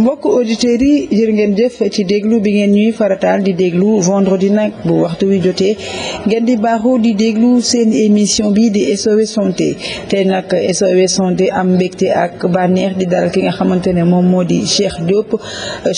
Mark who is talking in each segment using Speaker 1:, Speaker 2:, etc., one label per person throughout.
Speaker 1: mbokk auditeurs yi jërë ngeen jëf ci déglu bi ngeen ñuy farataal di déglu vendredi nag bu waxtu wi jotee ngeen di baaxu di déglu seen émission bi di SOS santé te nag SOS santé am mbégte ak bànneex di dal ki nga xamante ne moom moo di Cheikh Diop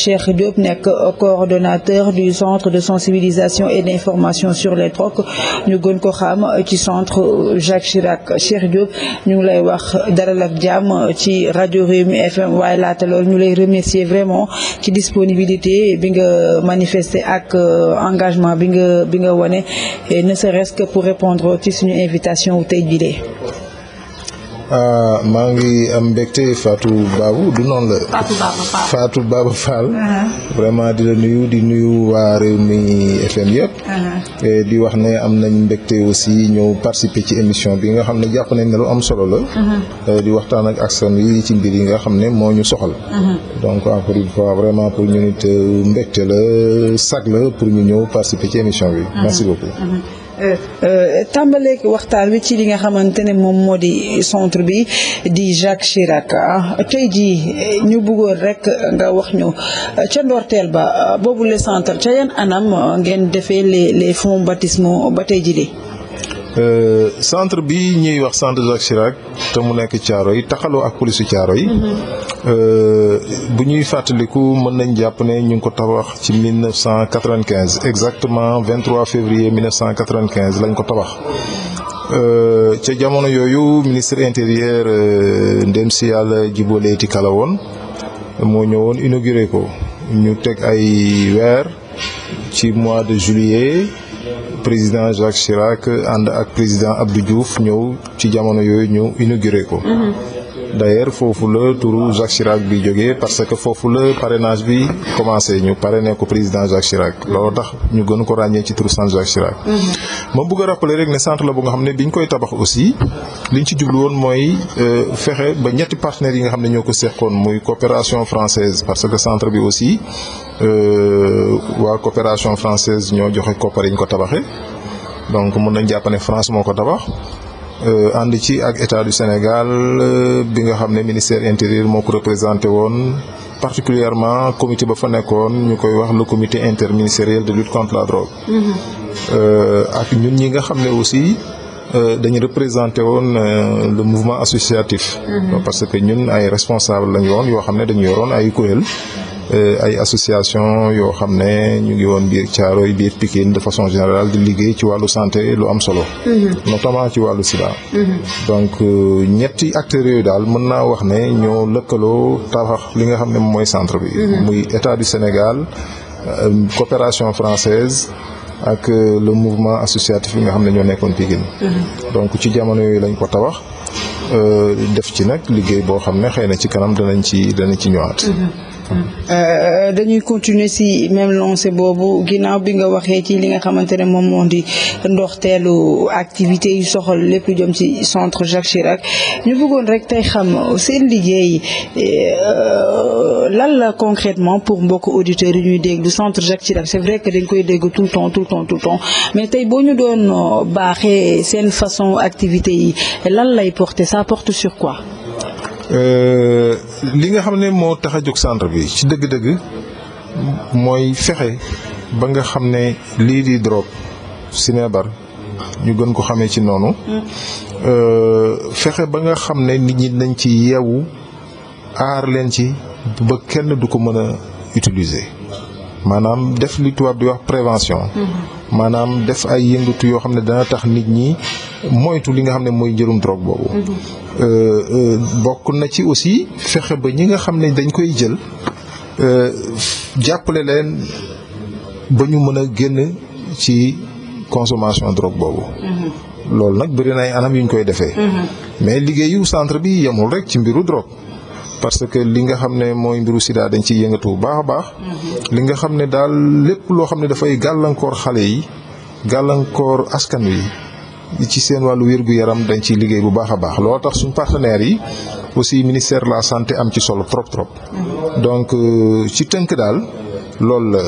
Speaker 1: Cheikh Diop nekk coordonnateur du centre de sensibilisation et d'information sur les trocs ñu gën ko xam ci centre Jacques Chirac Cheikh Diop ñu ngi lay wax dalal ak jàmm ci rajo Rewmi FM waaye laata loolu ñu lay remercier remercier vraiment ci disponibilité bi nga manifester ak euh, engagement bi nga bi nga wone ne serait-ce que pour répondre ci suñu invitation wu tey jii
Speaker 2: Ah, maa ngi am mbégte faatu Babou du noon la. faatu Baba Fall uh-huh. vraiment di la nuyu di nuyu waa réew mi FM yëpp.
Speaker 3: Uh-huh.
Speaker 2: di wax ne am nañ mbégte aussi ñëw participer ci émission bi nga xam ne jàpp nañ ne lu am solo la. Uh-huh. Euh, di waxtaan ak askan yi ci mbir yi nga xam ne moo ñu soxal. donc encore une fois vraiment pour ñu nit euh, mbégte la sag la pour ñu ñëw participer ci émission bi. merci
Speaker 1: Euh, euh, tàmbaleeg waxtaan wi ci li nga xamante ne moom moo di centre bi di Jacques Chirac ah, tey jii eh, ñu bëggoon rek nga wax ñu eh, ca ndorteel ba eh, boobu le centre ca yan anam ngeen defee le les fonds baptismaux ba tey jii
Speaker 2: Euh, centre bi ñuy wax centre Jacques Chirac te mu nekk Thiaroye yi taxaloo ak polisu Thiaroye mhm. euh, bu ñuy fàttaliku mën nañ jàpp ne ñu ngi ko tabax ci 1995 exactement 23 février 1995 lañ ko tabax euh, ca jamono yooyu ministre intérieur ndem si yàlla Djibo Leyti Ka la woon moo ñëwoon inauguré ko ñu teg ay weer ci mois de juillet président Jacques Chirac ànd ak président Abdou Diouf ñëw ci jamono yooyu ñu inauguré ko. Mhm. d'ailleurs foofu la turu Jacques Chirac bi jógee parce que foofu la parrainage bi commencé ñu parrainé ko président Jacques Chirac loolu tax ñu gën ko ràññee ci turu sant Jacques Chirac. Mhm. ma bëgg a rek ne centre la bu nga xam ne biñ koy tabax aussi liñ ci jublu woon mooy euh, fexe ba ñetti partenaires yi nga xam ne ñoo ko seqoon muy coopération francaise parce que centre bi aussi euh, waa coopération francaise ñoo joxe koppar yi ñu ko tabaxee donc mën nañ jàpp ne France moo ko tabax. Euh, ànd ci ak état du Sénégal euh, bi nga xam ne ministère intérieur moo ko représenté woon particulièrement comité ba fa nekkoon ñu koy wax le comité interministériel de lutte contre la drogue mm-hmm. euh, ak ñun ñi nga xam ne aussi dañu représenté woon le mouvement associatif mm-hmm. parce que ñun ay responsable lañu woon yoo xam ne dañu yoroon ay kuréel Euh, ay association yoo xam ne ñu ngi woon biir yi biir Pikine de façon générale di liggéey ci wàllu santé lu am solo mm-hmm. notamment ci wàllu sida mm-hmm. donc euh, ñetti acteurs yooyu daal mën naa wax ne ñoo lëkkaloo tabax li nga xam ne mooy centre bi mm-hmm. muy état du Sénégal euh, coopération française ak le mouvement associatif yi nga xam ne ñoo nekkoon Pikine donc ci jamono yooyu lañ ko tabax def ci nag liggéey boo xam ne xëy na ci kanam danañ ci danañ ci ñëwaat
Speaker 3: Euh,
Speaker 1: euh, dañuy continuer si même lancé boobu ginnaaw bi nga waxee ci li nga xamante ne moom moo di ndoxteelu activité yu soxal lépp lu ci centre Jacques Chirac ñu bëggoon rek tey xam seen liggéey euh, lan la concrètement pour mbokk auditeurs yi ñuy déglu centre Jacques Chirac c'est vrai que dañ koy dégg tout le temps tout le
Speaker 2: ton mais
Speaker 1: tey boo ñu doon baaxee seen façon activité yi lan lay porter ça porte sur quoi
Speaker 2: Euh, li nga xam ne moo tax a jóg centre bi ci dëgg-dëgg mooy fexe ba nga xam ne lii di drogue sinébar ñu gën ko xamee ci noonu euh, fexe ba nga xam ne nit ñi nañ ci yeewu aar leen ci ba kenn du ko mën a utiliser maanaam def li tubaab di wax prévention mm-hmm. maanaam def ay yëngatu yoo xam ne dana tax nit ñi moytu li nga xam ne mooy njërum drogue boobu. Mhm. Euh, euh, bokk na ci aussi fexe ba ñi nga xam ne dañ koy jël euh, jàppale leen ba ñu mën a génn ci consommation drogue boobu. Mhm. loolu nag bëri na ay anam yu ñu koy defee. Mhm. mais liggéeyu centre bi yemul rek ci mbiru drogue. parce que li nga xam ne mooy mbiru sida dañ ciy yëngatu bu baax a baax. Mhm. li nga xam ne daal lépp loo xam ne dafay gàllankoor xale yi gàllankoor askan wi ci seen wàllu wér-gu-yaram dañ ciy liggéey bu baax a baax looloo tax suñ partenaires yi aussi ministère de la santé am ci solo trop trop. Mhm. donc euh, ci tënk daal loolu la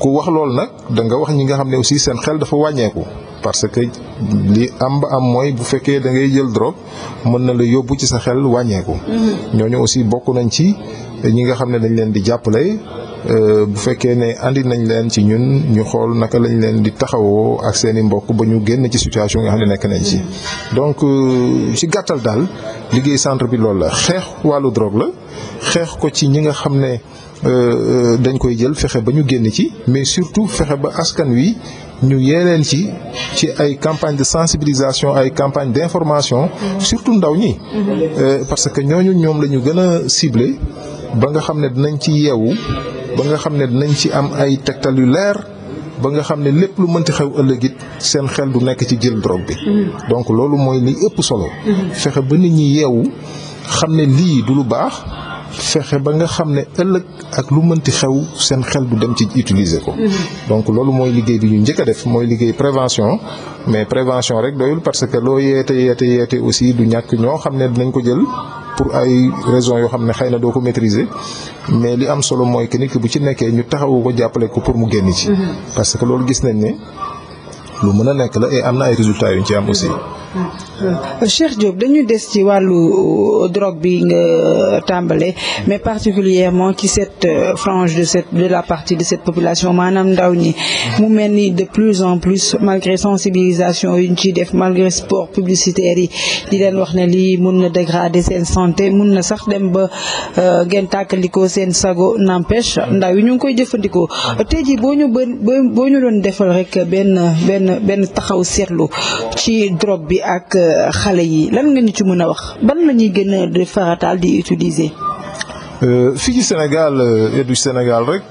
Speaker 2: ku wax loolu nag da nga wax ñi nga xam ne aussi seen xel dafa wàññeeku. parce que li am ba am mooy bu fekkee da ngay jël drogue mën na la yóbbu ci sa xel wàññeeku. Mhm. ñooñu aussi bokk nañ ci ñi nga xam ne dañ leen di jàppale. Euh, bu fekkee ne andi nañ leen ci ñun ñu xool naka lañ leen di taxawoo ak seen i mbokk ba ñu génn ci situation nga xam ne nekk nañ ci. Mhm. donc euh, ci gàttal daal liggéey centre bi loolu la xeex wàllu drogue la xeex ko ci ñi nga xam ne. Euh, euh, dañ koy jël fexe ba ñu génn ci mais surtout fexe ba askan wi ñu yéeneen ci ci ay campagne de sensibilisation ay campagne d'information mm-hmm. surtout ndaw ñi mm-hmm. euh, parce que ñooñu ñoom la ñu gën a ciblé ba nga xam ne dinañ ci yeewu ba nga xam ne dinañ ci am ay tegtal yu leer ba nga xam ne lépp lu mënti xew ëllëg it seen xel du nekk ci jël drogue bi mm-hmm. donc loolu mooy li ëpp solo fexe ba nit ñi yeewu xam ne lii du lu baax fexe ba nga xam ne ëllëg ak lu mënti xew seen xel du dem ci utiliser ko. Mhm. donc loolu mooy liggéey bi ñu njëkk def mooy liggéey prévention mais prévention rek doyul parce que loo yeete yeete yeete aussi du ñàkk ñoo xam ne dinañ ko jël. pour ay raison yoo xam ne xëy na doo ko maîtriser mais li am solo mooy que nit bu ci nekkee ñu taxawu ko jàppale ko pour mu génn ci. Mhm. parce que loolu gis nañ ne lu mën a nekk la et am na ay résultats yu ci am aussi.
Speaker 1: Euh, euh, Cheikh Diop dañu des ci wàllu euh, drogue bi nga tàmbale mais particulièrement ci cette frange de cette de la partie de cette population maanaam ndaw ñi mu mel ni de plus en plus malgré sensibilisation yu ñu ciy def malgré sport publicitaire yi di leen wax ne lii mun na dégrader seen santé mun na sax dem ba ngeen tàkkalikoo seen sago n'empêche ndaw yi ñu ngi koy jëfandikoo te ji boo ñu boo ñu doon defal rek benn benn benn taxaw seetlu ci drogue bi ak euh, xale yi lan nga ñu ci mën a wax ban la ñuy gën a di farataal di utiliser.
Speaker 2: Euh, fii ci Sénégal euh, du Sénégal rek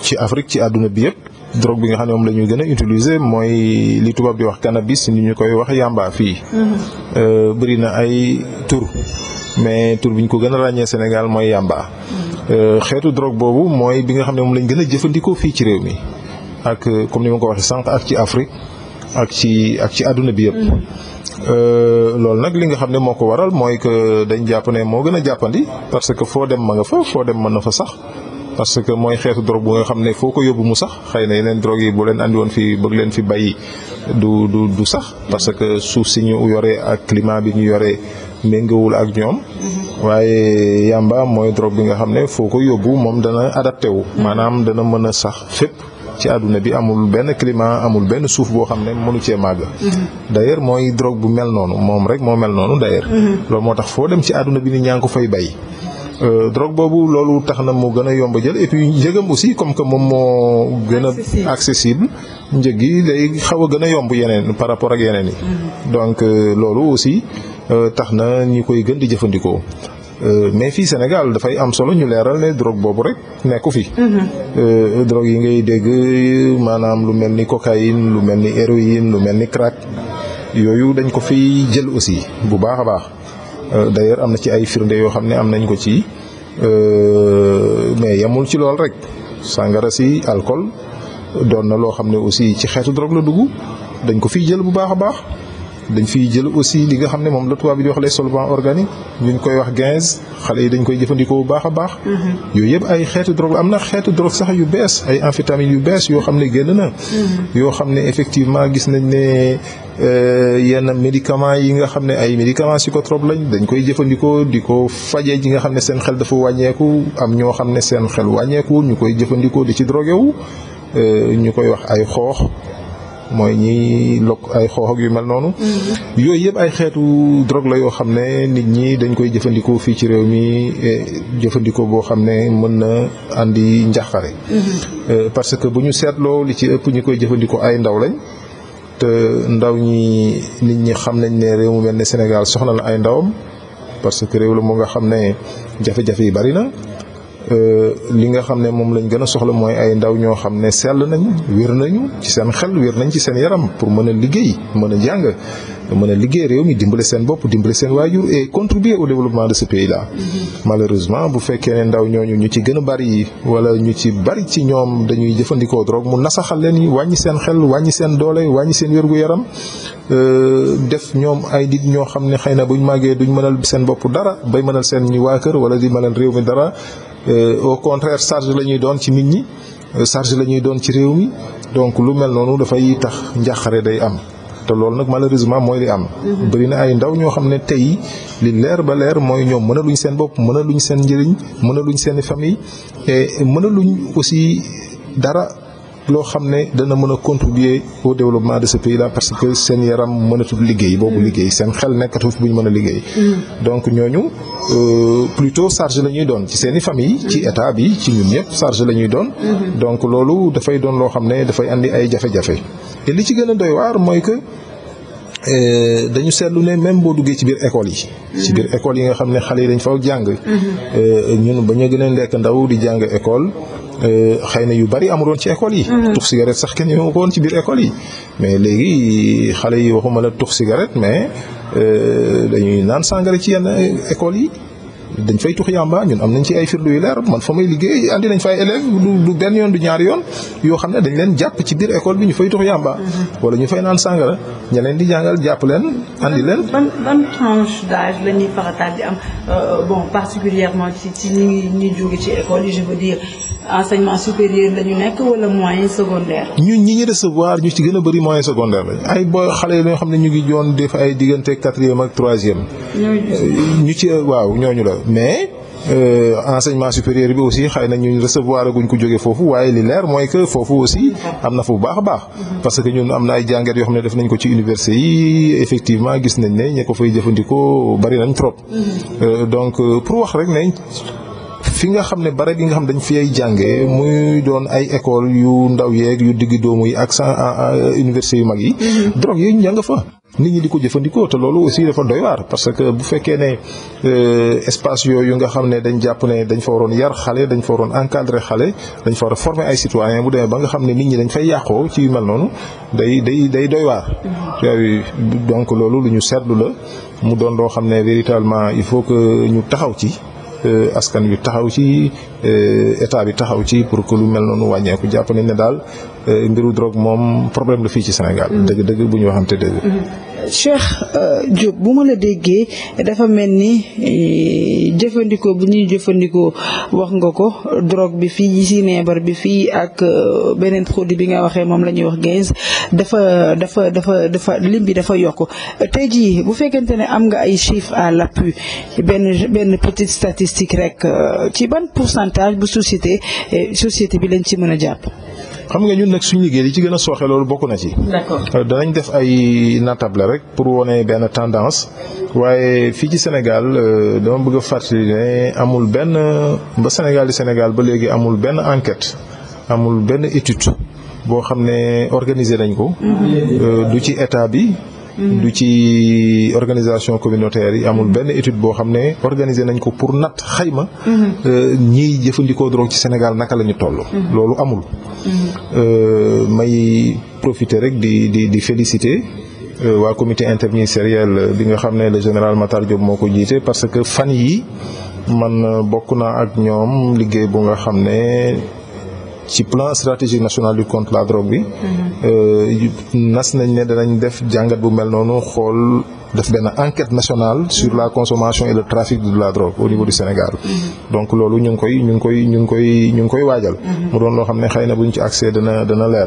Speaker 2: ci Afrique ci àdduna bi yëpp drogue bi nga xam ne moom lañuy ñuy gën a utiliser mooy li tubaab di wax cannabis ni ñu koy wax yamba fii. Mhm. bëri na ay tur mais tour bi ñu ko gën a ràññee Sénégal mooy yamba. Mhm. xeetu drogue boobu mooy bi nga xam ne moom lañ gën a jëfandikoo fii ci réew mi ak comme ni ma ko waxee sànq ak ci Afrique. ak ci ak ci àdduna bi yëpp. Mm-hmm. Euh, loolu nag li nga xam ne moo ko waral mooy que dañ jàpp ne moo gën a jàppandi parce que foo dem ma nga fa foo dem mën na fa sax. parce que mooy xeetu drogue bu nga xam ne foo ko yóbbu mu sax xëy na yeneen yi bu leen andi woon fii leen fi bàyyi du du du sax parce que suuf si ñu yoree ak climat bi ñu yoree méngawul ak ñoom. Mm-hmm. waaye yàmba mooy drogue bi nga xam ne foo ko yóbbu moom dana adapté wu. Mm-hmm. maanaam dana mën a sax fépp. ci àdduna bi amul benn climat amul benn suuf boo xam ne mënu cee màgg mhm. d'ailleurs mooy drogue bu mel noonu moom rek moo mel noonu d'ailleurs mhm. loolu moo tax foo dem ci àdduna bi ni ñaa ko fay bay Euh, drogue boobu loolu tax na mu gën a yomb jël et puis njëgam aussi comme que moom moo gën a njëg yi day xaw a gën a yomb yeneen par rapport ak yeneen yi mhm. donc euh, loolu aussi euh, tax na ñi koy gën di jëfandikoo Euh, mais fii Sénégal dafay am solo ñu leeral ne drogue boobu rek nekku fi. Mhm. Euh, drogue yi ngay dégg maanaam lu mel ni cocaïne lu mel ni héroïne lu mel ni crack yooyu dañ ko fi jël aussi bu baax a baax euh, d'ailleurs am na ci ay firnde yoo xam ne am nañ ko ci mais yamul ci lool rek sàngara si alcool doon na loo xam ne aussi ci xeetu drogue la dugg dañ ko fiy jël bu baax a baax. dañ fiy jël aussi li nga xam ne moom la tubaab bi di wax les solvants organiques ñu ngi koy wax gaz xale yi dañ koy jëfandikoo bu baax a baax. Mm-hmm. yooyu yëpp ay xeetu drogue am na xeetu drogue sax yu bees ay amphétamines yu bees yoo xam ne génn na.
Speaker 3: Mm-hmm.
Speaker 2: yoo xam ne effectivement gis nañ ne. Euh, yenn médicaments yi nga xam ne ay médicaments psychotropes lañ dañ koy jëfandikoo di ko fajee ji nga xam ne seen xel dafa wàññeeku am ñoo xam ne seen xel wàññeeku ñu koy jëfandikoo di ci drogué wu euh, ñu koy wax ay xoox mooy ñi lokk ay xoox yu mel noonu. Mm-hmm. yooyu yëpp ay xeetu drogue la yoo xam ne nit ñi dañ koy jëfandikoo fii ci réew mi eh, jëfandikoo boo xam ne mën na andi njaxare. Mm-hmm. Eh, parce que bu ñu seetloo li ci ëpp ñu koy jëfandikoo ay ndaw lañ. te ndaw ñi nit ñi xam nañ ne réew mu mel ni Sénégal soxla na ay ndawam parce que réew la moo nga xam ne jafe-jafe yi bari na. Euh, li nga xam ne moom lañ gën a soxla mooy ay ndaw ñoo xam ne sell nañ wér nañu ci seen xel wér nañ ci seen yaram pour mën a liggéey mën a jàng mën a liggéey réew mi dimbale seen bopp dimbale seen waajur et contribuer au de ce pays là. Mm-hmm. bu fekkee ne ndaw ñooñu ñu ci gën a bari wala ñu ci bari ci ñoom dañuy jëfandikoo drogue mu nasaxal leen yi wàññi seen xel wàññi seen doole wàññi seen wér-gu-yaram euh, def ñoom ay nit ñoo xam ne xëy na buñ màggee duñ mënal seen bopp dara bay mënal seen ñi waa kër wala di mënal réew mi dara Euh, au contraire charge la ñuy doon ci nit ñi euh, charge la ñuy doon ci réew mi donc lu mel noonu dafay tax njàqare day am te loolu nag malheureusement mooy li am. Mhm. bëri na ay ndaw ñoo xam ne tey li leer ba leer mooy ñoom mën a seen bopp mën a luñ seen njëriñ mën a luñ seen famille et a luñ aussi dara. lépp loo xam ne dana mën a contribuer au développement de ce pays là parce que seen yaram mënatul liggéey boobu liggéey seen xel nekkatu fi bu ñu mën a liggéey mm. donc ñooñu euh, plutôt charge la ñuy doon ci seen i famille ci mm. état bi ci ñun ñëpp charge la ñuy doon mm-hmm. donc loolu dafay doon loo xam ne dafay andi ay jafe-jafe te li ci gën a doy waar mooy que euh, dañu seetlu ne même boo duggee ci biir école yi ci biir mm-hmm. école yi nga xam ne xale yi dañ faw jàng mm-hmm. euh, ñun ba ñu gën a ndaw di jàng école Euh, xëy na yu bari amuloon ci école yi. Mm-hmm. tux cigarette sax kenn ñëw ko woon ci biir école yi mais léegi xale yi waxuma la tux cigarette mais euh, dañuy naan sangara ci yenn école yi. dañ fay tux yàmba ñun am nañ ci ay firnde yu man fa may liggéey andi nañ fa ay élèves du benn yoon du ñaari yoon yoo xam ne dañ leen jàpp ci biir école bi ñu fay tux yàmba. Mm-hmm. wala ñu fay naan sàngara ña leen di jàngal jàpp leen andi leen.
Speaker 1: ban ban tranche d'âge la ñuy farataal di am euh, bon particulièrement ci ci ñi ñuy jóge ci école yi je enseignement supérieur la ñu nekk wala moyen secondaire.
Speaker 2: ñun ñi ñu recevoir ñu ci gën a bëri moyen secondaire lañ ay booy xale yoo xam ne ñu ngi joon def ay diggante quatrième ak troisième. Euh, ñu ci waaw ñooñu la mais. Euh, enseignement supérieur bi aussi xëy nañ ñu recevoir guñ ko jógee foofu waaye li leer mooy que foofu aussi am na fu baax baax. Mhm. parce que ñun am na ay jàngat yoo xam ne def nañ ko ci université yi effectivement gis nañ ne ñu ko fay jëfandikoo bari nañ trop. Mhm. Euh, donc euh, pour wax rek ne fi nga xam ne barab yi nga xam dañ fiyay jànge muy doon ay école yu ndaw yeeg yu digg doomu yi ak sa université yu mag yi mm-hmm. drogue yi ña nga fa nit ñi di ko jëfandikoo loolu aussi dafa doy parce que bu fekkee ne euh, espace yooyu nga xam ne dañ jàpp ne dañ fa waroon yar xale dañ fa waroon encadrer xale dañ fa a former ay citoyens bu demee ba nga xam ne nit ñi dañ fay yàqoo ci yu mel noonu day day day doy waar. Mm-hmm. donc loolu lu ñu seetlu la mu doon loo xam ne véritablement il faut que ñu taxaw ci. Euh, askan wi taxaw ci euh, état bi taxaw ci pour que lu mel noonu wàññeeku jàpp nañ ne daal euh, mbiru drogue moom problème la fii ci Sénégal. Mm-hmm. dëgg dëgg bu ñu waxante dëgg.
Speaker 1: Mm-hmm. Cheikh euh, Diop bu ma la déggee dafa mel ni eh, jëfandikoo bu ñuy jëfandikoo wax nga ko drogue bi fii sinébar bi fii ak euh, beneen produit bi nga waxee moom la ñuy wax gaz dafa dafa dafa dafa lim dafa yokk tey jii bu fekkente ne am nga ay chiffres à l'appui benn benn petite statistique rek euh, ci ban pourcentage bu société eh, société bi lañ ci mën a jàpp.
Speaker 2: xam nga ñun nag suñu liggéey li ci gën a sooxe loolu bokk na ci. d'accord euh, danañ def ay natable rek pour wone benn tendance waaye fii ci Sénégal euh, dama bëgg a fàttali amul benn ba Sénégal di Sénégal ba léegi amul benn enquête amul benn étude boo xam ne organiser nañ ko. Mhm. Euh, du ci état bi. Mm. du ci organisation communautaire yi amul mm. benn étude boo xam ne organiser nañ ko pour natt xayma mm-hmm. euh, ñiy jëfandikoo drogue ci Sénégal naka lañu ñu toll mm-hmm. loolu amul
Speaker 3: mm-hmm.
Speaker 2: euh, may profité rek di di di féliciter euh, waa comité interministériel bi nga xam ne le général Matar moo ko jiite parce que fan yi man bokk naa ak ñoom liggéey bu nga xam ne ci plan stratégique nationale du contre la drogue bi. Euh, nas nañ ne danañ def jàngat bu mel noonu xool def benn enquête nationale sur la consommation et le trafic de la drogue au niveau du Sénégal. donc loolu ñu ngi koy ñu ngi koy ñu ngi koy ñu ngi koy waajal. mu doon loo xam ne xëy na buñ ci accès dana dana leer.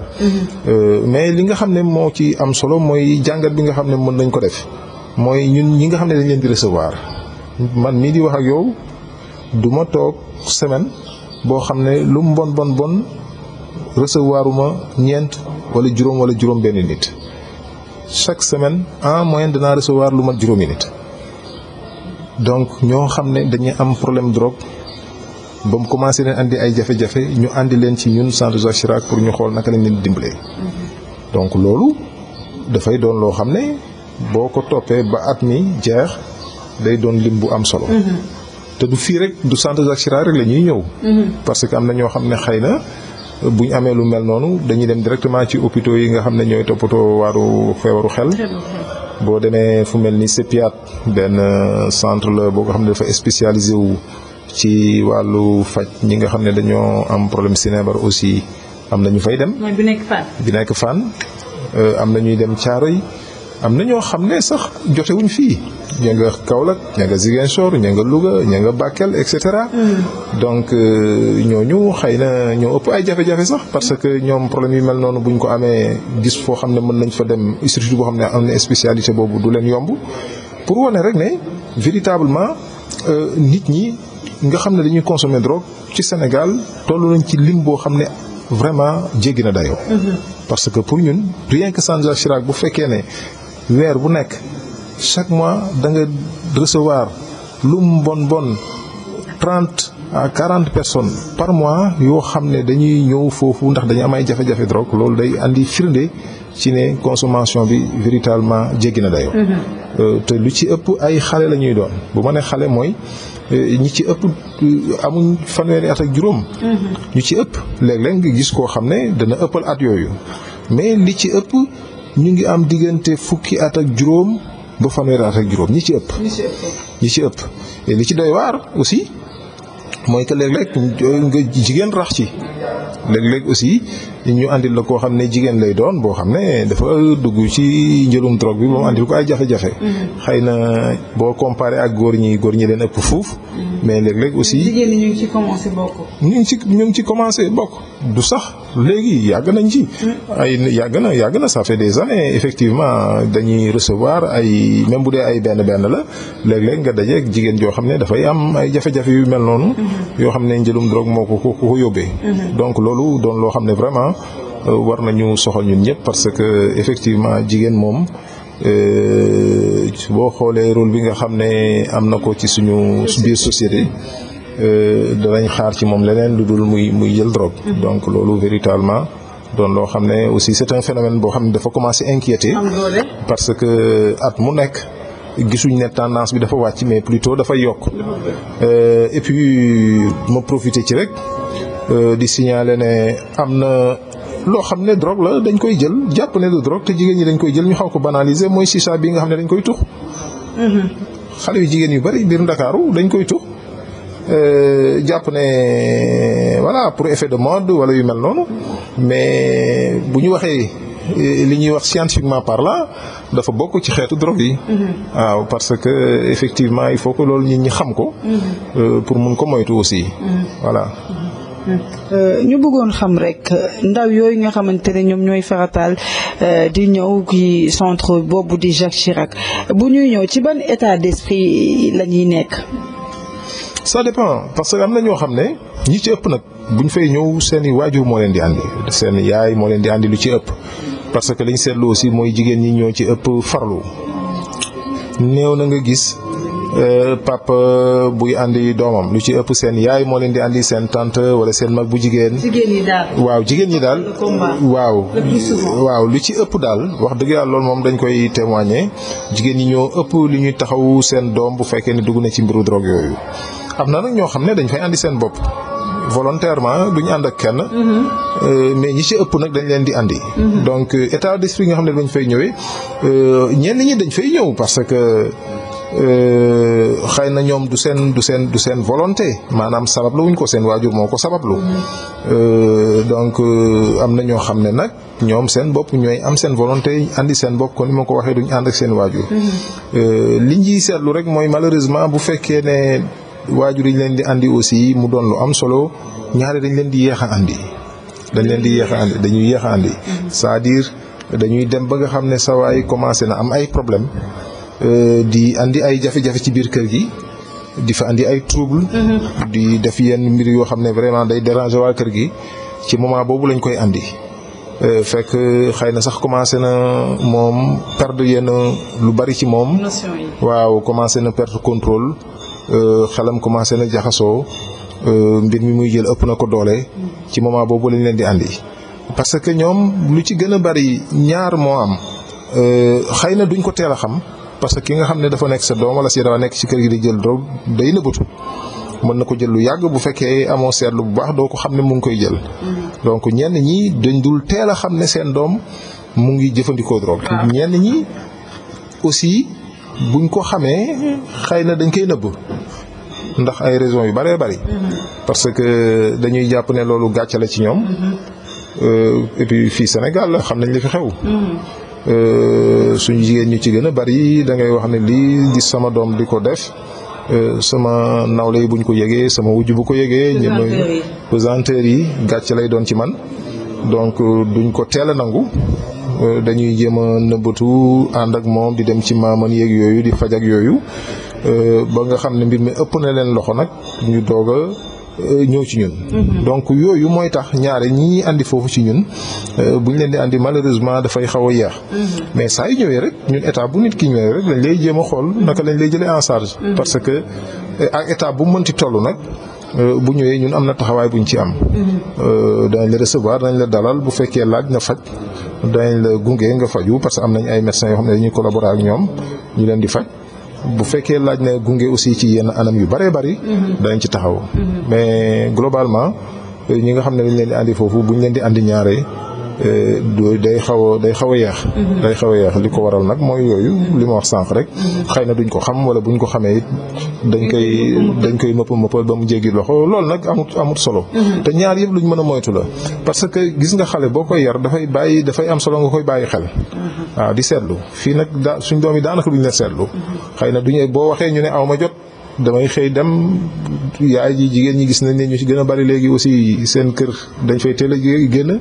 Speaker 2: Euh, mais li nga xam ne moo ci am solo mooy jàngat bi nga xam ne mën nañ ko def mooy ñun ñi nga xam ne dañ leen di recevoir man mii di wax ak yow du ma toog semaine. boo xam ne lum mu bon bon bon recevoir ñeent wala juróom wala juróom benn nit chaque semaine en moyenne danaa recevoir lu mat juróomi nit donc ñoo xam ne dañuy am problème drogue bam mu commencé leen andi ay jafe-jafe ñu andi leen ci ñun centre Jacques Chirac pour ñu xool naka lañ leen dimbalee. donc loolu dafay doon loo xam ne boo ko toppee ba at mi jeex day doon lim bu am solo. Mm-hmm. te du fii rek du centre Jacques Chirac rek la ñuy ñëw. Mhm. parce que am na ñoo xam ne xëy na bu amee lu mel noonu dañuy dem directement ci hôpitaux yi nga xam ne ñooy toppatoo waaru feebaru xel. boo demee fu mel ni CEPIAT benn euh, centre la boo ko xam ne dafa spécialisé wu ci wàllu faj ñi nga xam ne dañoo am problème sinébar aussi am na ñu fay dem. mooy bi nekk Fann. Euh, am na ñuy dem Thiaroye. am na ñoo xam ne sax joxewuñ fii ña nga Kaolack ña nga Ziguinchor ña nga Louga ña nga Bakel et cetera. Mm. donc euh, ñooñu xëy na ñoo ëpp ay jafe-jafe sax parce que ñoom problème yi mel noonu buñ ko amee gis foo xam ne mën nañ fa dem institut boo xam ne am na spécialité boobu du leen yomb pour wane rek ne véritablement euh, nit ñi nga xam ne dañuy consommer drogue ci Sénégal tollu nañ ci lim boo xam ne vraiment jéggi na dayoo. Mm-hmm. parce que pour ñun rien que Sandra Chirac bu fekkee ne weer bu nekk chaque mois da nga recevoir lu bon bon trente à quarante personnes par mois yoo xam ne dañuy ñëw foofu ndax dañu am ay jafe-jafe drogue loolu day andi firnde ci ne consommation bi véritablement jéggi na dayoo. Mhm. Euh, te lu ci ëpp ay xale lañuy doon bu ma ne xale mooy euh, ñi ci ëpp euh, amuñ fanweeri at ak juróom. Mhm. ñu ci ëpp léeg-léeg nga gis koo xam ne dana ëppal at yooyu mais li ci ëpp. ñu ngi am diggante fukki at ak juróom ba fanweeri at ak juróom ñi ci ëpp. ñi ci ëpp li ci doy waar aussi mooy que léeg-léeg nga jigéen rax ci léeg-léeg aussi ñu andil la koo xam ne jigéen lay doon boo xam ne dafa dugg ci njëlum drogue bi ba mu andil ko ay jafe-jafe. Mm-hmm. xëy na boo comparé ak góor ñi góor ñi leen ëpp fuuf. Mm-hmm. mais léeg-léeg aussi jigéen
Speaker 1: ñi ñu ngi ci commencé ñu
Speaker 2: ngi ngi ci commencé bokk du sax. léegi yàgg nañ ci. ay yàgg na yàgg na sa fait des années effectivement dañuy recevoir ay même bu dee ay benn benn la léeg-léeg nga dajeeg jigéen joo xam ne dafay am ay jafe-jafe yu mel noonu. Mhm. yoo xam ne njëlum drogue moo ko ko ko yóbbee. Mhm. donc loolu doon loo xam ne vraiment euh, war nañu soxal ñun ñëpp parce que effectivement jigéen moom. Euh, boo xoolee rôle bi nga xam ne am na ko ci suñu biir société Euh, danañ xaar ci moom leneen lu dul muy muy jël drogue. Mhm. donc loolu véritablement doon loo xam ne aussi c'est un phénomène boo xam ne dafa commencer inquiéter. parce que at mu nekk. gisuñ ne tendance bi dafa wàcc mais plutôt dafa yokk euh, et puis ma profiter ci rek euh, di signaler ne am na loo xam ne drogue la dañ koy jël jàpp ne du drogue te jigéen ñi dañ koy jël ñu xaw ko banaliser mooy shisha bi nga xam ne dañ koy tux mhm. xale yu jigéen yu bari biir Ndakaaru dañ koy Euh, jàpp ne voilà pour effet de mode wala yu mel noonu mais bu ñu waxee euh, li ñuy wax scientifiquement parlant dafa bokk ci xeetu drogue yi. Mm-hmm. waaw parce que effectivement il faut que loolu nit ñi xam ko. Mm-hmm. Euh, pour mun ko moytu aussi. Mm-hmm. voilà.
Speaker 1: ñu bëggoon xam rek ndaw yooyu nga xamante ne ñoom ñooy farataal di ñëw ci centre boobu di Jacques Chirac bu ñuy ñëw ci ban état d'esprit la ñuy nekk.
Speaker 2: ça parce que am na ñoo xam ne ñi ci ëpp nag buñ fay ñëw seen i waajur moo leen di andi seen yaay moo leen di andi lu ci ëpp. parce que liñ seetlu aussi mooy jigéen ñi ñoo ci ëpp farlu néew na nga gis euh, papa buy andi doomam lu ci ëpp seen yaay moo leen di andi seen wala seen mag bu jigéen. waaw jigéen ñi daal. waaw waaw lu ci ëpp daal wax dëgg yàlla loolu moom dañ koy témoigner jigéen ñi ñoo ëpp li ñuy taxaw seen doom bu fekkee ne dugg na ci mbiru drogue yooyu. am na nag ñoo xam ne dañ fay andi seen bopp volontairement duñu ànd ak kenn. Mm-hmm. Eh, mais ñi ci ëpp nag dañ leen di andi. Mm-hmm. donc euh, état d'esprit nga xam ne dañ fay ñëwee euh, ñenn ñi dañ fay ñëw parce que. Euh, xëy na ñoom du seen du seen du seen volonté maanaam sabablu wuñ ko seen waajur moo ko sabablu mm-hmm. donc am na ñoo xam ne nag ñoom seen bopp ñooy am seen volonté andi seen bopp kon ni ma ko waxee duñ ànd ak seen waajur. liñ seetlu rek mooy malheureusement bu fekkee ne waajur yi leen di andi aussi mu doon lu am solo ñaare dañ leen di yéex a andi dañ leen di yéex a andi dañuy yéex a andi cest à dañuy dem ba nga xam ne sawaay commencé na am ay problème euh, di andi ay jafe-jafe ci biir kër gi di fa andi ay trouble mm-hmm. di def yenn mbir yoo xam ne vraiment day déranger waa kër gi ci moment boobu lañ koy andi euh, fekk xëy na sax commencé na moom perd yenn lu bari ci moom waaw commencé na perdre contrôle Euh, xelam commencé na jaxasoo euh, mbir mi muy jël ëpp na ko doole ci moment boobu lañ leen di andi. parce que ñoom lu ci gën a bari ñaar moo am euh, xëy na duñ ko teel a xam parce que ki nga xam ne dafa nekk sa doom wala si dafa nekk ci kër gi di jël drogue day nëbbatu mën na ko jël lu yàgg bu fekkee amoo seetlu bu baax doo ko xam ne mu ngi koy jël.
Speaker 3: Mm-hmm.
Speaker 2: donc ñenn ñi dañ dul teel a xam ne seen doom mu ngi jëfandikoo drogue. Ah. ñenn ñi aussi. buñ ko xamee xëy na dañ koy nëbb ndax ay raisons yu bëree bari parce que dañuy jàpp ne loolu gàcce la ci ñoom euh, et puis fii Sénégal xam nañ li fi xew euh, suñu jigéen ñu ci gën a bari da ngay wax ne lii gis sama doom di ko def euh, sama nawle yi buñ ko yëgee sama wujj bu ko yëgee ñëpp pesanteur yi gàcc lay doon ci man donc duñ ko teel a nangu Euh, dañuy jéem a nëbbatu ànd ak moom di dem ci maaman yeeg yooyu di fajag ak yooyu euh, ba nga xam ne mbir mi ëpp na leen loxo nag ñu doog a euh, ñëw ci ñun. Mhm. donc yooyu mooy tax ñaare ñi andi foofu ci ñun bu ñu leen di andi malheureusement dafay xaw a yeex. Mhm. mais saa yu ñëwee rek ñun état bu nit ki ñëwee rek lañ lay jéem a xool naka lañ lay jëlee en charge. Mhm. parce que ak état bu mënti toll nag. bu ñëwee ñun am na taxawaay buñ ci am. danañ la recevoir danañ la dalal bu fekkee laaj na dañ la gunge nga faju parce que am nañ ay médecins yoo xam ne dañuy collaborer ak ñoom ñu leen di faj bu fekkee laaj na gunge aussi ci yenn anam yu bëree bari mhm. dañ ci taxaw mhm. mais globalement ñi nga xam ne dañ leen di andi foofu buñ leen di andi ñaare du day xaw a day xaw a yeex mhm. day xaw a yeex li ko waral nag mooy yooyu li ma wax sànq rek mhm. xëy na duñ ko xam wala buñ ko xamee it dañ koy dañ koy mëpp mëppal ba mu jéggi loxo loolu nag amut amut solo mhm. te ñaar lu ñu mën a moytu la parce que gis nga xale boo koy yar dafay bàyyi dafay am solo nga koy bàyyi xel waaw di seetlu fii nag daa suñ doom yi daanaka duñ la seetlu xëy na duñu boo waxee ñu ne aw ma jot damay xëy dem yaay ji jigéen ñi gis nañ ne ñu si gën a bari léegi aussi seen kër dañ fay teel génn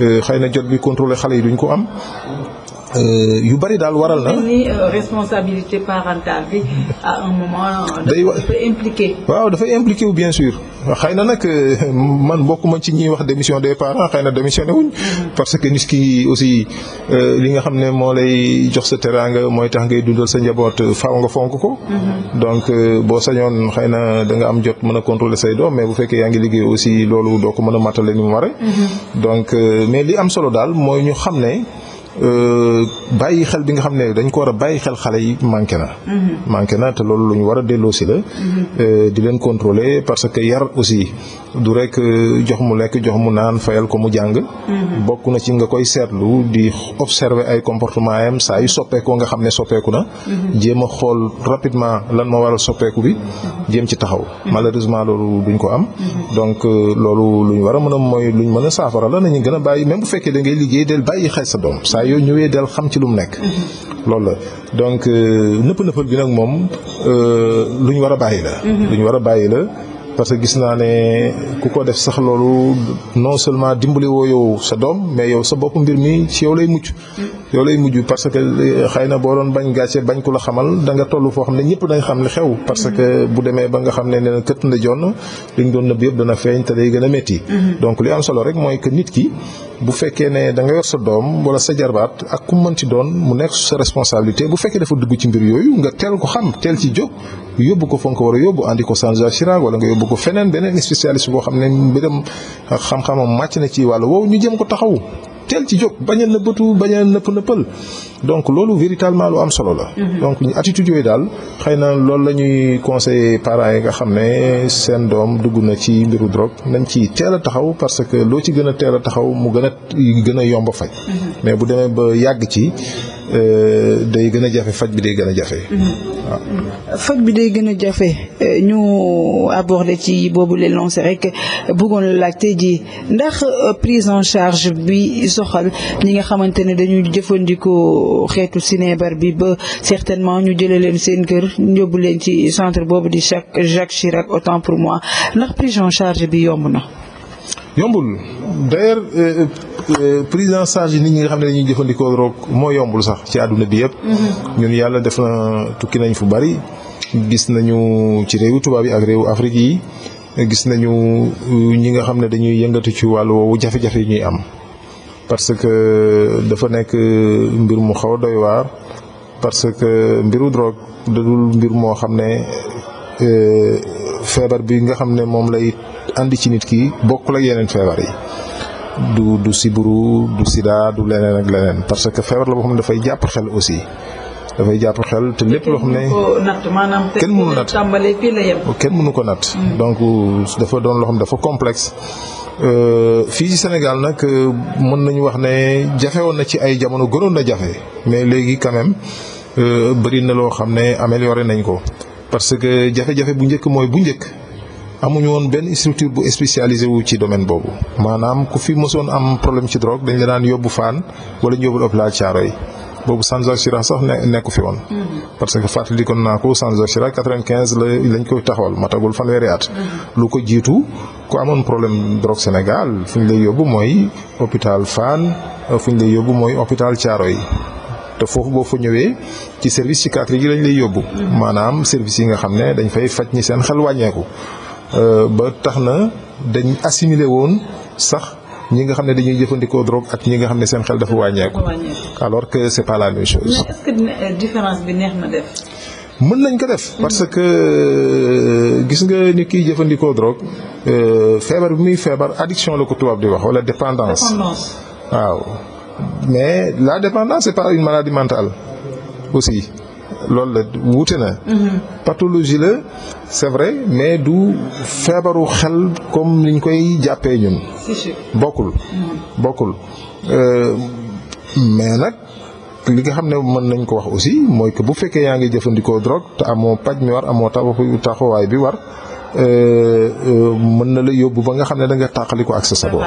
Speaker 2: Euh, xëy na jot bi contrôler xale yi duñ ko am Euh, yu bari daal waral na. ni
Speaker 1: euh, responsabilité parentale euh, day dafa
Speaker 2: impliqué. waaw dafay impliqué wu bien sûr xëy na nag man mbokk ma ci ñuy wax démission des parents xëy na démissionné wuñ. Mm-hmm. parce que nit ki aussi li nga xam ne moo lay jox sa teraanga mooy tax ngay dundal sa njaboot faaw nga fonk ko. Mm-hmm. donc boo sañoon xëy na da am jot mën a contrôler say doom mais bu fekkee yaa ngi liggéey aussi loolu doo ko mën a matale ni mu waree.
Speaker 3: Mm-hmm.
Speaker 2: donc mais li am solo daal mooy ñu xam ne. Euh, bàyyi xel bi nga xam ne dañ ko war a bàyyi xel xale yi manqué na. Mm-hmm. manqué na te loolu lu ñu war a delloosi la. Mm-hmm. Euh, di leen contrôler parce que yar aussi du rek euh, jox mu lekk jox mu naan fayal ko mu jàng. Mm-hmm. bokk na ci nga koy seetlu di observer ay comportement yam saa yu soppeekoo nga xam ne soppeeku na. jéem a xool rapidement lan moo waral soppeeku bi jéem ci taxaw. malheureusement loolu duñ ko am. donc loolu lu ñu a mën a mooy lu ñu mën a saafara la nañu gën a bàyyi même bu fekkee da saa yoo ñëwee del xam ci lu mu nekk.
Speaker 3: Mm-hmm.
Speaker 2: loolu la donc euh, nëpp nëppal bi nag moom euh, lu ñu war a bàyyi la. Mm-hmm. lu ñu war a bàyyi la. parce que gis naa ne ku ko def sax loolu non seulement dimbali woo yow sa doom mais yow sa bopp mbir mi ci yow lay mujj. yow lay mujj parce que xëy na boo doon bañ gàcce bañ ko la xamal da nga toll foo xam ne ñëpp dañ xam li xew. parce que bu demee ba nga xam ne na kët na jonn li doon nëbb yëpp dana feeñ te gën a métti. donc li nit ki bu fekkee ne da nga yor sa doom wala sa jarbaat ak ku mënti doon mu nekk sa responsabilité bu fekkee dafa dugg ci mbir yooyu nga teel ko xam ci jóg yóbbu ko fa nga a yóbbu andi ko sans wala nga yóbbu yóbbu ko feneen beneen spécialiste boo xam ne mbiram xam-xamam màcc na ci wàll woowu ñu jëm ko taxawu teel ci jóg bañ a nëbbatu bañ a nëpp nëppal donc loolu véritablement lu am solo la. Mhm. donc attitude yooyu daal xëy na loolu la ñuy conseiller parents yi nga xam ne seen doom dugg na ci mbiru drogue nañ ci teel a taxaw parce que loo ci gën a teel a taxaw mu gën a gën a yomb a faj. Mhm. mais bu demee ba yàgg ci. Euh, day gën a jafe faj bi day gën a jafe. Mhm.
Speaker 1: bi day gën a jafe euh, ñu aborder ci boobu la lancé rek bëggoon la laaj tey jii ndax euh, prise en charge bi soxal ñi nga xamante ne dañuy jëfandikoo xeetu sinébar bi ba certainement ñu jëlee leen seen kër yóbbu leen ci centre boobu di Jacques Chirac autant pour moi ndax prise en charge bi yomb na.
Speaker 2: yombul d'ailleurs euh, euh, euh, prise en charge nit ñi nga xam ne dañuy jëfandikoo drogue moo yombul sax ci àdduna bi yëpp. Mhm. ñun yàlla def na tukki nañ fu bari gis nañu ci réewu tubaab yi ak réewu Afrique yi gis nañu ñi nga xam ne dañuy yëngatu ci wàllu woowu jafe-jafe yi ñuy am parce que dafa nekk mbir mu xaw a doy waar parce que mbiru drogue dadul mbir moo xam ne feebar bi nga xam ne moom lay andi ci nit ki bokkul ak yeneen feebar yi du du siburu du sida du leneen ak leneen parce que feebar la boo xam ne dafay jàpp xel aussi dafay jàpp xel te lépp loo xam ne kenn mënu natt kenn mënu ko natt mm. donc dafa doon loo xam ne dafa complexe euh, fii ci Sénégal nag euh, mën nañu wax ne jafewoon na ci ay jamono gënoon na jafe mais léegi quand même euh, bëri na loo xam ne ameliore nañ ko parce que jafe-jafe bu njëkk mooy bu njëkk amuñu woon benn structure bu spécialisé wu ci domaine boobu maanaam ku fi mësoon am problème ci drogue dañ la daan yóbbu faan wala ñu yóbbu l'hôpital Thiaroye boobu sans assurance sax nekku fi woon. Mhm. parce que fàttalikoon naa ko sans assurance quatre-vingt-quinze la lañ koy taxawal matagul fanweeri at. Mhm. lu ko jiitu ku amoon problème drogue Sénégal fu ñu lay yóbbu mooy hôpital Fann fu ñu lay yóbbu mooy hôpital yi te foofu boo fa ñëwee ci service psychiatrique yi lañ lay yóbbu. Mhm. maanaam service yi nga xam ne dañ fay faj ñi seen xel wàññeeku. Euh, ba tax na dañ assimilé woon sax ñi nga xam ne dañuy jëfandikoo drogue ak ñi nga xam ne seen xel dafa wàññeeku. alors que c'est pas la même chose.
Speaker 1: est-ce que euh, différence bi mën
Speaker 2: nañ ko def. parce que euh, gis nga ni kiy jëfandikoo drogue feebar bi muy feebar addiction la ko tubaab di wax wala dépendance. waaw mais la dépendance c'est pas une maladie mentale aussi loolu la wuute na. Mhm. pathologie la. c'est vrai mais du feebaru xel comme liñ koy jàppee ñun. bokkul.
Speaker 3: Mm-hmm.
Speaker 2: bokkul euh, mais nag li nga xam ne mën nañ ko wax aussi mooy que bu fekkee yaa ngi jëfandikoo drogue te amoo paj mi war amoo taxawaay bi war. Euh, euh, mën na la yóbbu ba nga xam ne da nga ko ak sa sago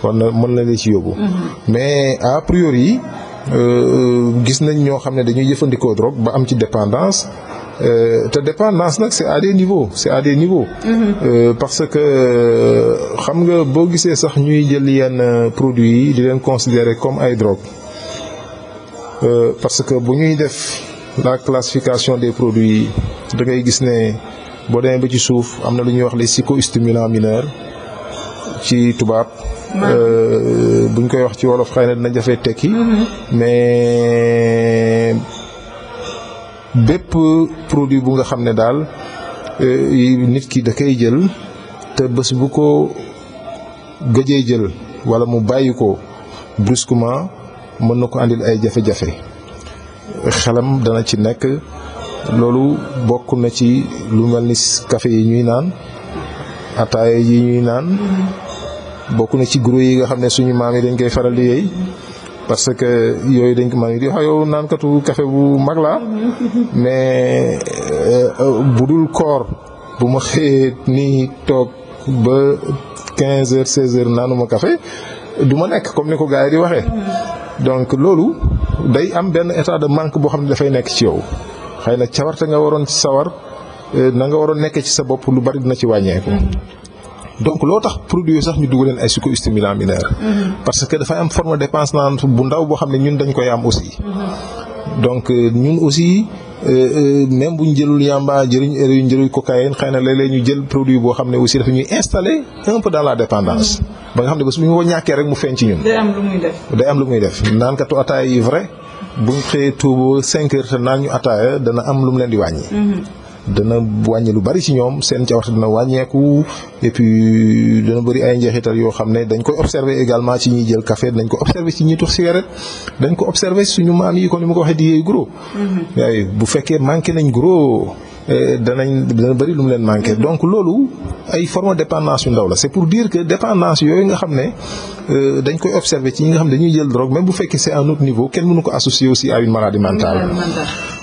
Speaker 2: kon mën na la ci yóbbu mm-hmm. mais a priori gis nañ ñoo xam ne dañuy jëfandikoo drogue ba am ci dépendance Euh, te dépendance nag c'est à des niveaux c'est à mhm. euh, parce que xam nga boo gisee sax ñuy jël yenn produits yi di leen considérer comme ay drogue euh, parce que bu ñuy def la classification des produits da ngay gis ne boo demee ba ci suuf am na lu ñuy wax les psychostimulants mineurs ci tubaab. buñ koy wax ci wolof xëy na dina jafe tekki mhm. mais. bépp produit bu nga xam ne daal euh, nit ki da kay jël te bés bu ko gëjee jël wala mu bàyyi ko brusquement mën na ko andil ay jafe-jafe xelam dana ci nekk loolu bokk na ci lu mel ni café yi ñuy naan ataaya yi ñuy naan bokk na ci guro yi nga xam ne suñu maam yi dañ koy faral di yey parce que yooyu dañ ko mën di wax yow naankatu café bu mag la mais euh, euh, bu dul koor bu ma xëyee nii toog ba quinze heures seize heures naanuma kafe du ma nekk comme ni ko gars yi di waxee donc loolu day am benn état de manque boo xam ne dafay nekk ci yow xëy na cawarte nga waroon ci sawar euh, na nga waroon nekkee ci sa bopp lu bari dina ci wàññeeku donc loo tax produit yi sax ñu dugg leen ay psychostimulant mineur mm-hmm. parce que dafay am forme de dépense naan bu ndaw boo xam ne ñun dañ koy am aussi
Speaker 3: mm-hmm.
Speaker 2: donc euh, ñun aussi euh, euh, même bu ñu jëlul yamba jëriñ héroïne er, jëriñ cocaïne xëy na léeg ñu jël produit boo xam ne aussi dafa ñuy installer un peu dans la dépendance mm-hmm. ba nga xam ne bés bu ñu ko ñàkkee rek mu feeñ ci ñun. day am lu muy def day am lu muy ataaya yi vrai bu ñu xëyee tuuba cinq heures te naan ñu ataaya dana am lu mu leen di wàññi. dana wàññi lu bari ci ñoom seen cawarte dana wàññeeku et puis dana bëri ay njeexital yoo xam ne dañ koy observer également ci ñuy jël café dañ ko observer ci ñuy tux cigarette dañ ko observer suñu maam yi comme ni ma ko waxee di yeey gros waaye mm-hmm. bu fekkee manqué nañ gros Eh, danañ dana bëri lu mu leen manqué mm-hmm. donc loolu ay forme dépendance yu ndaw la c'est pour dire que dépendance yooyu nga xam ne euh, dañ koy observer ci ñi nga xam ne dañuy jël drogue même bu fekkee c'est un autre niveau kenn mënu ko associer aussi à une maladie mentale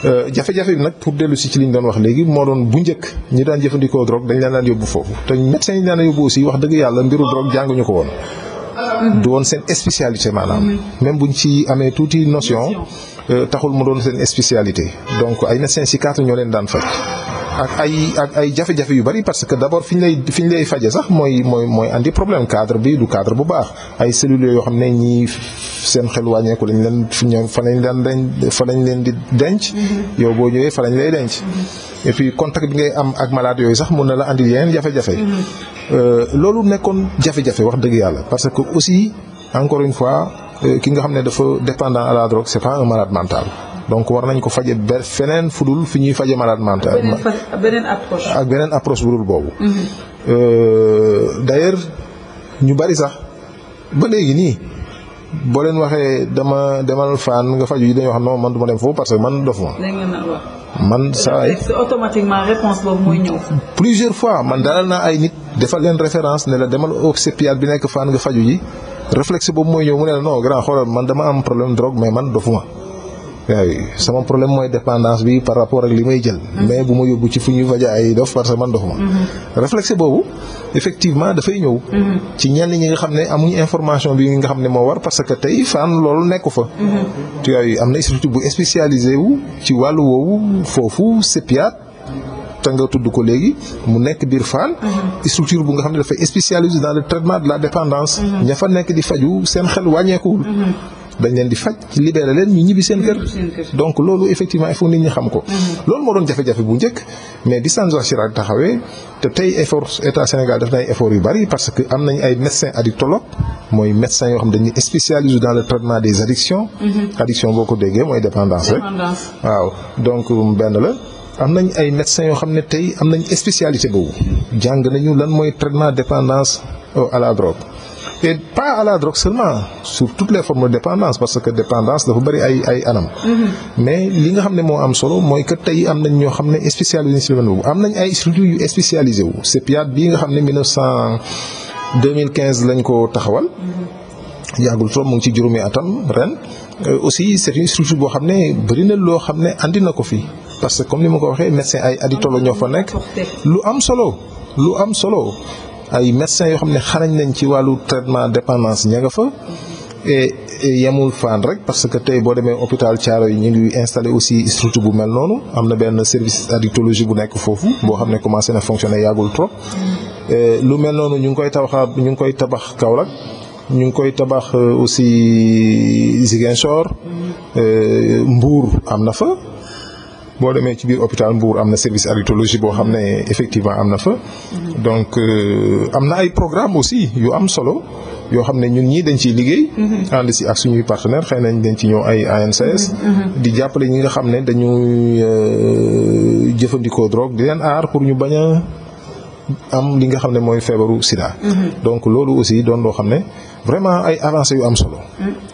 Speaker 2: euh, jafe-jafe bi nag pour dellu si ci li ñu doon wax léegi moo doon bu njëkk ñi daan jëfandikoo drogue dañ leen daan yóbbu foofu te médecin yi daan yóbbu aussi wax dëgg yàlla mbiru oh. drogue jànguñu ko woon mm-hmm. du woon seen spécialité maanaam mm-hmm. même buñ ci amee tuuti notion Euh, taxul mu doon seen spécialité donc ay médecins psychiatres ñoo leen daan faj ak ay ak ay jafe-jafe yu bari parce que d'abord fi ñu lay fi ñu lay faje sax mooy mooy mooy andi problème cadre bi du cadre bu baax ay cellules yoo xam ne ñii seen xel wàññeeku lañ leen fi ñoom fa lañ leen denc fa lañ leen di denc. Mm-hmm. yow boo ñëwee fa lañ lay denc. Mm-hmm. et puis contact bi ngay am ak malade yooyu sax mun na la andi yeneen jafe-jafe. Mm-hmm. Euh, loolu nekkoon jafe-jafe wax dëgg yàlla parce que aussi encore une fois. Euh, ki nga xam ne dafa dépendant à la drogue c'est pas un malade donc war nañ ko faje ber fu dul fi ñuy faje malade mental
Speaker 1: ak
Speaker 2: beneen approche budul boobu mhm. euh, d'ailleurs ñu bari sax ba léegi nii boo leen waxee dama demal faan nga faju yi dañoo xam non man du ma dem foofu parce que man dof man saa yi plusieurs fois man dalal na ay nit defal leen référence ne la demal obstépiatre bi nekk faan nga faju yi réflexe boobu mooy ñëw mu ne la non grand xoolal man dama am problème drogue mais man dofuma waaw sama problème mooy dépendance bi par rapport ak li may jël. Mhm. mais bu ma yóbbu ci fu ñuy faja ay dof parce que man dofuma. Mhm. réflexe boobu effectivement dafay ñëw. Mhm. ci ñenn ñi nga xam ne amuñu information bi nga xam ne moo war parce que tey fan lool nekku fa. tu am na institut bu spécialisé wu ci wàllu woowu foofu CEPIAT. te nga tudd ko léegi mu nekk biir Fann mhm. structure bu nga xam ne dafay spécialisé dans le traitement de la dépendance mhm. ña fa nekk di faju seen xel wàññeekuwul mhm. dañ leen di faj ci leen ñu ñibbi seen kër donc loolu effectivement il faut nit ñi xam ko loolu moo doon jafe-jafe bu njëkk mais di Sandra Chirac taxawee te tey effort état Sénégal def na ay effort yu bari parce que am nañu ay médecins addictologues mooy médecins yoo xam dañuy spécialisé dans le traitement des addictions addiction boo ko déggee mooy dépendance rek waaw donc la am nañ ay médecins yoo xam ne tey am nañ spécialité boobu jàng nañu lan mooy traitement dépendance euh, à la drogue et pas à la drogue sur toutes les formes de dépendance parce que dépendance dafa bari ay ay anam. Mm-hmm. mais li nga xam ne moo am solo mooy que tey am nañ ñoo xam ne spécialisé boobu am nañ ay structures yu spécialisé wu CEPIAT bii nga xam ne 1900 2015 lañ ko taxawal.
Speaker 3: Mm-hmm.
Speaker 2: yàggul trop mu ngi ci juróomi atam ren. Euh, aussi c'est une boo xam ne bëri na loo xam ne andi na ko fi parce que comme ni ma ko waxee médecin ay addictologue ñoo fa nekk lu am solo lu am solo ay médecin yoo xam ne xarañ nañ ci wàllu traitement dépendance ña nga fa et yemul fan rek parce que tey boo demee hôpital Thiaroye yi ñu ngi installé aussi structure bu mel noonu am na benn service addictologie bu nekk foofu boo xam ne commencé na fonctionner yàggul trop lu mel noonu ñu ngi koy tabaxaat ñu ngi koy tabax Kaolack ñu ngi koy tabax euh, aussi Ziguinchor euh, mbuur am na fa boo demee ci biir hôpital Mbour am na service addictologie boo xam ne effectivement am na fa. Mhm. donc euh, am na ay programme aussi yu am solo yoo xam ne ñun ñii dañ ciy liggéey. Mhm. ànd si ak suñuy partenaire xëy nañ dañ ci ñëw ay ANCS. Mhm, di jàppale ñi nga xam ne dañuy euh, jëfandikoo drogue di leen aar pour ñu bañ a am li nga xam ne mooy feebaru sida. donc loolu aussi doon loo xam ne vraiment ay avancées yu am solo.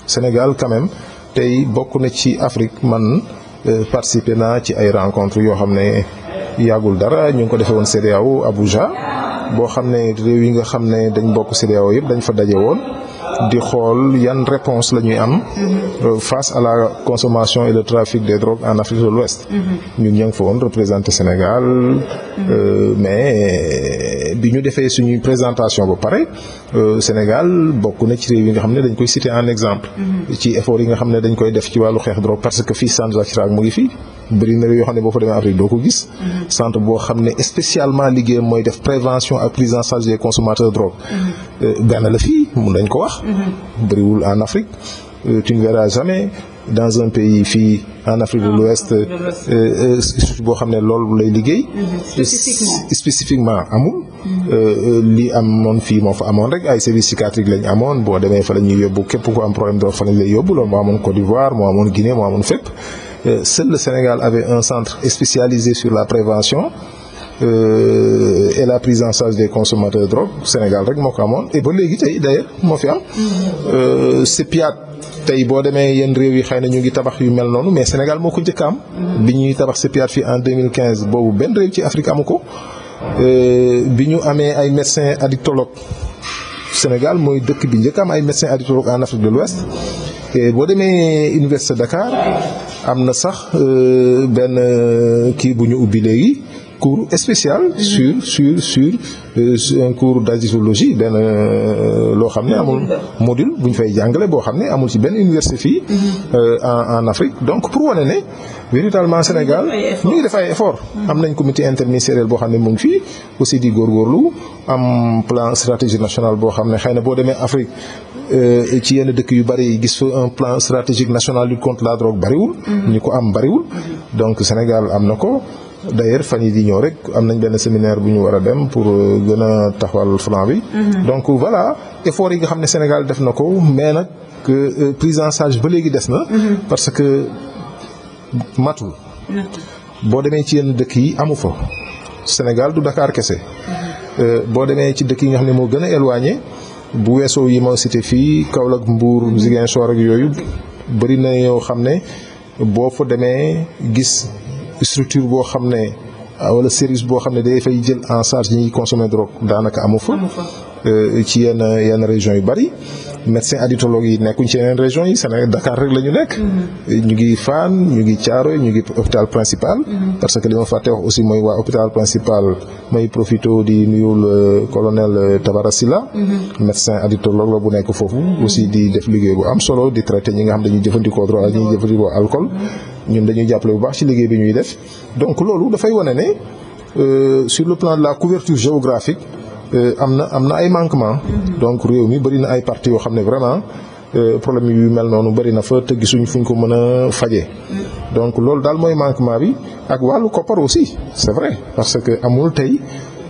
Speaker 2: Sénégal quand même tey bokk na ci Afrique man. Euh, participer na ci ay rencontre yoo xam ne yagul dara ñu ngi ko defee woon CEDEAO Abuja boo xam ne réew yi nga xam ne dañ bokk CEDEAO yëpp dañ fa daje woon di xool yan réponse la ñuy am mhm. euh, face à la consommation et le trafic des drogues en Afrique de l'Ouest mhm. ñun ñoo ngi fa woon Sénégal mhm. euh, mais bi ñu defee suñuy présentation ba pare euh, Sénégal bokk na ci réew yi nga xam ne dañ koy citer en exemple ci effort yi nga xam ne dañ koy def ci wàllu xeex drogue parce que fii San Jacques Chirac ngi fii bëri na yoo xam ne boo fa demee Afrique doo ko gis. Mhm. centre boo xam ne spécialement liggéey mooy def prévention ak prise en charge des consommateurs de drogue. Mhm. Euh, benn la fii mun nañ ko wax. Mhm. bëriwul en Afrique euh, tu ne verras jamais dans un pays fii en Afrique de ah, l'Ouest euh, ne loolu lay liggéey. spécifiquement amul. li amoon fii moo fa amoon rek ay services psychiatriques lañ amoon boo demee fa la ñuy yóbbu képp ku am problème drogue fa lañ lay yóbbu loolu moo amoon Côte d'Ivoire moo amoon Euh, seul le Sénégal avait un centre spécialisé sur la prévention Euh, et la prise en charge des consommateurs de Sénégal rek moo ko amoon et ba léegi tey d'ailleurs moo fi am
Speaker 3: mm-hmm.
Speaker 2: euh, CEPIAT tey boo demee yenn réew yi xëy na ñu ngi tabax yu mel noonu mais Sénégal moo ko njëkk am mm-hmm. bi ñuy tabax CEPIAT fi en 2015 boobu benn réew ci Afrique amu ko euh, bi ñu amee ay médecins addictologues Sénégal mooy dëkk bi njëkk am ay médecins addictologues en Afrique de l'Ouest boo demee Université Dakar am na sax euh, benn euh, kii bu ñu ubbi léegi cours spécial mhm. sur sur sur euh, un cours d'agitologie benn loo xam ne amul module bu ñu fay jàngale boo xam ne amul ci benn université fii mhm. en Afrique donc pour wane ne véritablement Sénégal ñu ngi def ay effort hmm. am nañ comité interministériel boo xam ne mu ngi fii aussi di góorgóorlu am plan stratégie nationale boo xam ne xëy na boo demee Afrique euh, ci yenn dëkk yu bari gis fa un plan stratégique national lutte contre la drogue bariwul hmm. ñu ko am bariwul hmm. donc Sénégal am na ko d'ailleurs fan yi di ñëw rek am nañ benn séminaire bu ñu war a dem pour euh, gën a taxawal flan bi donc voilà effort yi nga xam ne Sénégal def na ko mais nag euh, prise ba léegi des na matul boo demee ci yenn dëkk yi amu fa Sénégal du dakaar kese mhm. euh, boo demee ci dëkk yi nga xam ne moo gën a éloigné bu weesoo yi ma cité fii Kaolack Mbour mhm. Ziguinchor ak yooyu bëri na yoo xam ne boo fa demee gis structure boo xam ne wala service boo xam ne day fay jël en charge ñiy consommer drogue daanaka amu fa euh, ci yenn yenn région yu bari médecin additologue yi nekkuñ ci yeneen région yi Sénégal Dakar rek la ñu nekk mhm. ñu ngi Fann ñu ngi Thiaroye ñu ngi hôpital principal mhm. parce que li ma fàtte wax aussi mooy waa hôpital principal may profito di nuyu le colonel Tabara Silla mhm. médecin additologue la bu nekk foofu aussi di def liggéey bu am solo di traité ñi nga xam dañuy jëfandikoo drogue ñi jëfandikoo alcool ñun dañuy jàppale bu baax ci liggéey bi ñuy def donc loolu dafay wane ne euh, sur le plan de la couverture géographique Euh, am na am na ay manquement mhm. donc réew mi bëri na ay partie yoo xam ne vraiment euh, problème yu mel noonu bëri na fa te gisuñ fuñ ko mën a fajee mhm. donc loolu daal mooy manquement bi ak wàllu koppar aussi c'est vrai parce que amul tey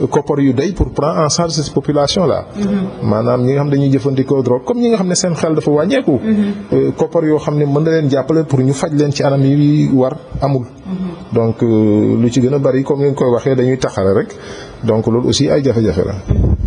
Speaker 2: koppar yu day pour prendre en charge cette population la mm-hmm. maanaam ñi nga xam dañuy jëfandikoo drogue comme ñi nga xam ne seen xel dafa wàññeeku. Mm-hmm. Euh, koppar yoo xam ne mën na leen jàppale pour ñu faj leen ci anam yi war amul.
Speaker 3: Mm-hmm.
Speaker 2: donc euh, lu ci gën a bari comme ni nga koy waxee dañuy taxale rek donc loolu aussi ay jafe-jafe la.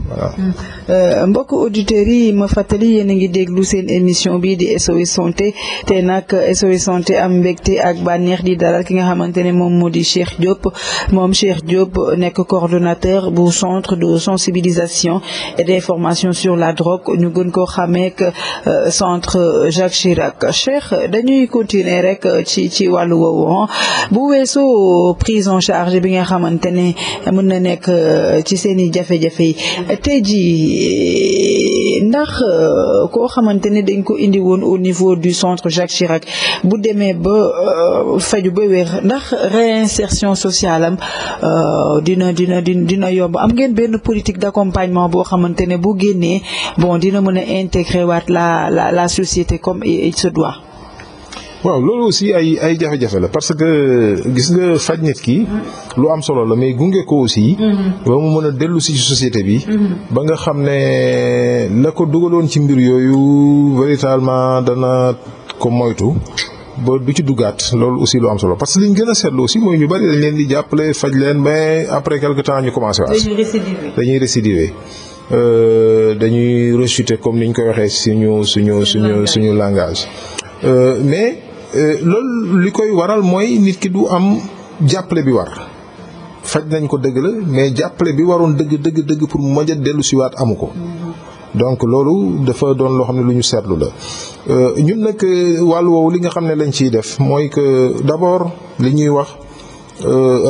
Speaker 2: voilà.
Speaker 1: Mm. Euh, mbokk auditeurs yi ma fàttali yéen a ngi déglu seen émission bi di SOS santé te nag SOS santé am mbégte ak bànneex di dalal ki nga xamante ne moom moo di Cheikh Diop moom Cheikh Diop nekk coordonnateur bu centre de sensibilisation et d'information sur la drogue ñu gën koo xamee ak euh, centre Jacques Chirac Cheikh dañuy continuer rek euh, ci ci wàllu woowu bu weeso prise en charge bi nga xamante ne mën na nekk ci seen i jafe-jafe yi te jii ndax euh, koo xamante ne dañ ko indi woon au niveau du centre Jacques Chirac bu demee ba euh, faju ba weer ndax réinsertion sociale am euh, dina dina dina yomb am ngeen benn politique d'accompagnement boo xamante ne bu génnee bon dina mën a intégrer waat la la la société comme il se doit.
Speaker 2: waaw loolu aussi ay ay jafe-jafe la parce que gis nga faj nit ki lu am solo la mais gunge ko aussi mhm. ba mu mën a dellu si ci société bi mhm. ba nga xam ne la ko dugaloon ci mbir yooyu véritablement dana ko moytu ba du ci duggaat loolu aussi lu am solo parce que liñ gën a seetlu aussi mooy ñu bari leen di jàppale faj leen mais après quelque temps ñu commencé waat dañuy récidiver dañuy euh, rechuter comme niñ koy waxee suñu suñu suñu suñu langage euh, mais Euh, loolu li koy waral mooy nit ki du am jàppale bi war faj nañ ko dëgg la mais jàppale bi waroon dëgg dëgg dëgg pour mu mën a dellu amu ko donc loolu dafa doon loo xam ne lu ñu seetlu la euh, ñun nag euh, wàllu woowu li nga xam ne lañ ciy def mooy que d'abord li ñuy wax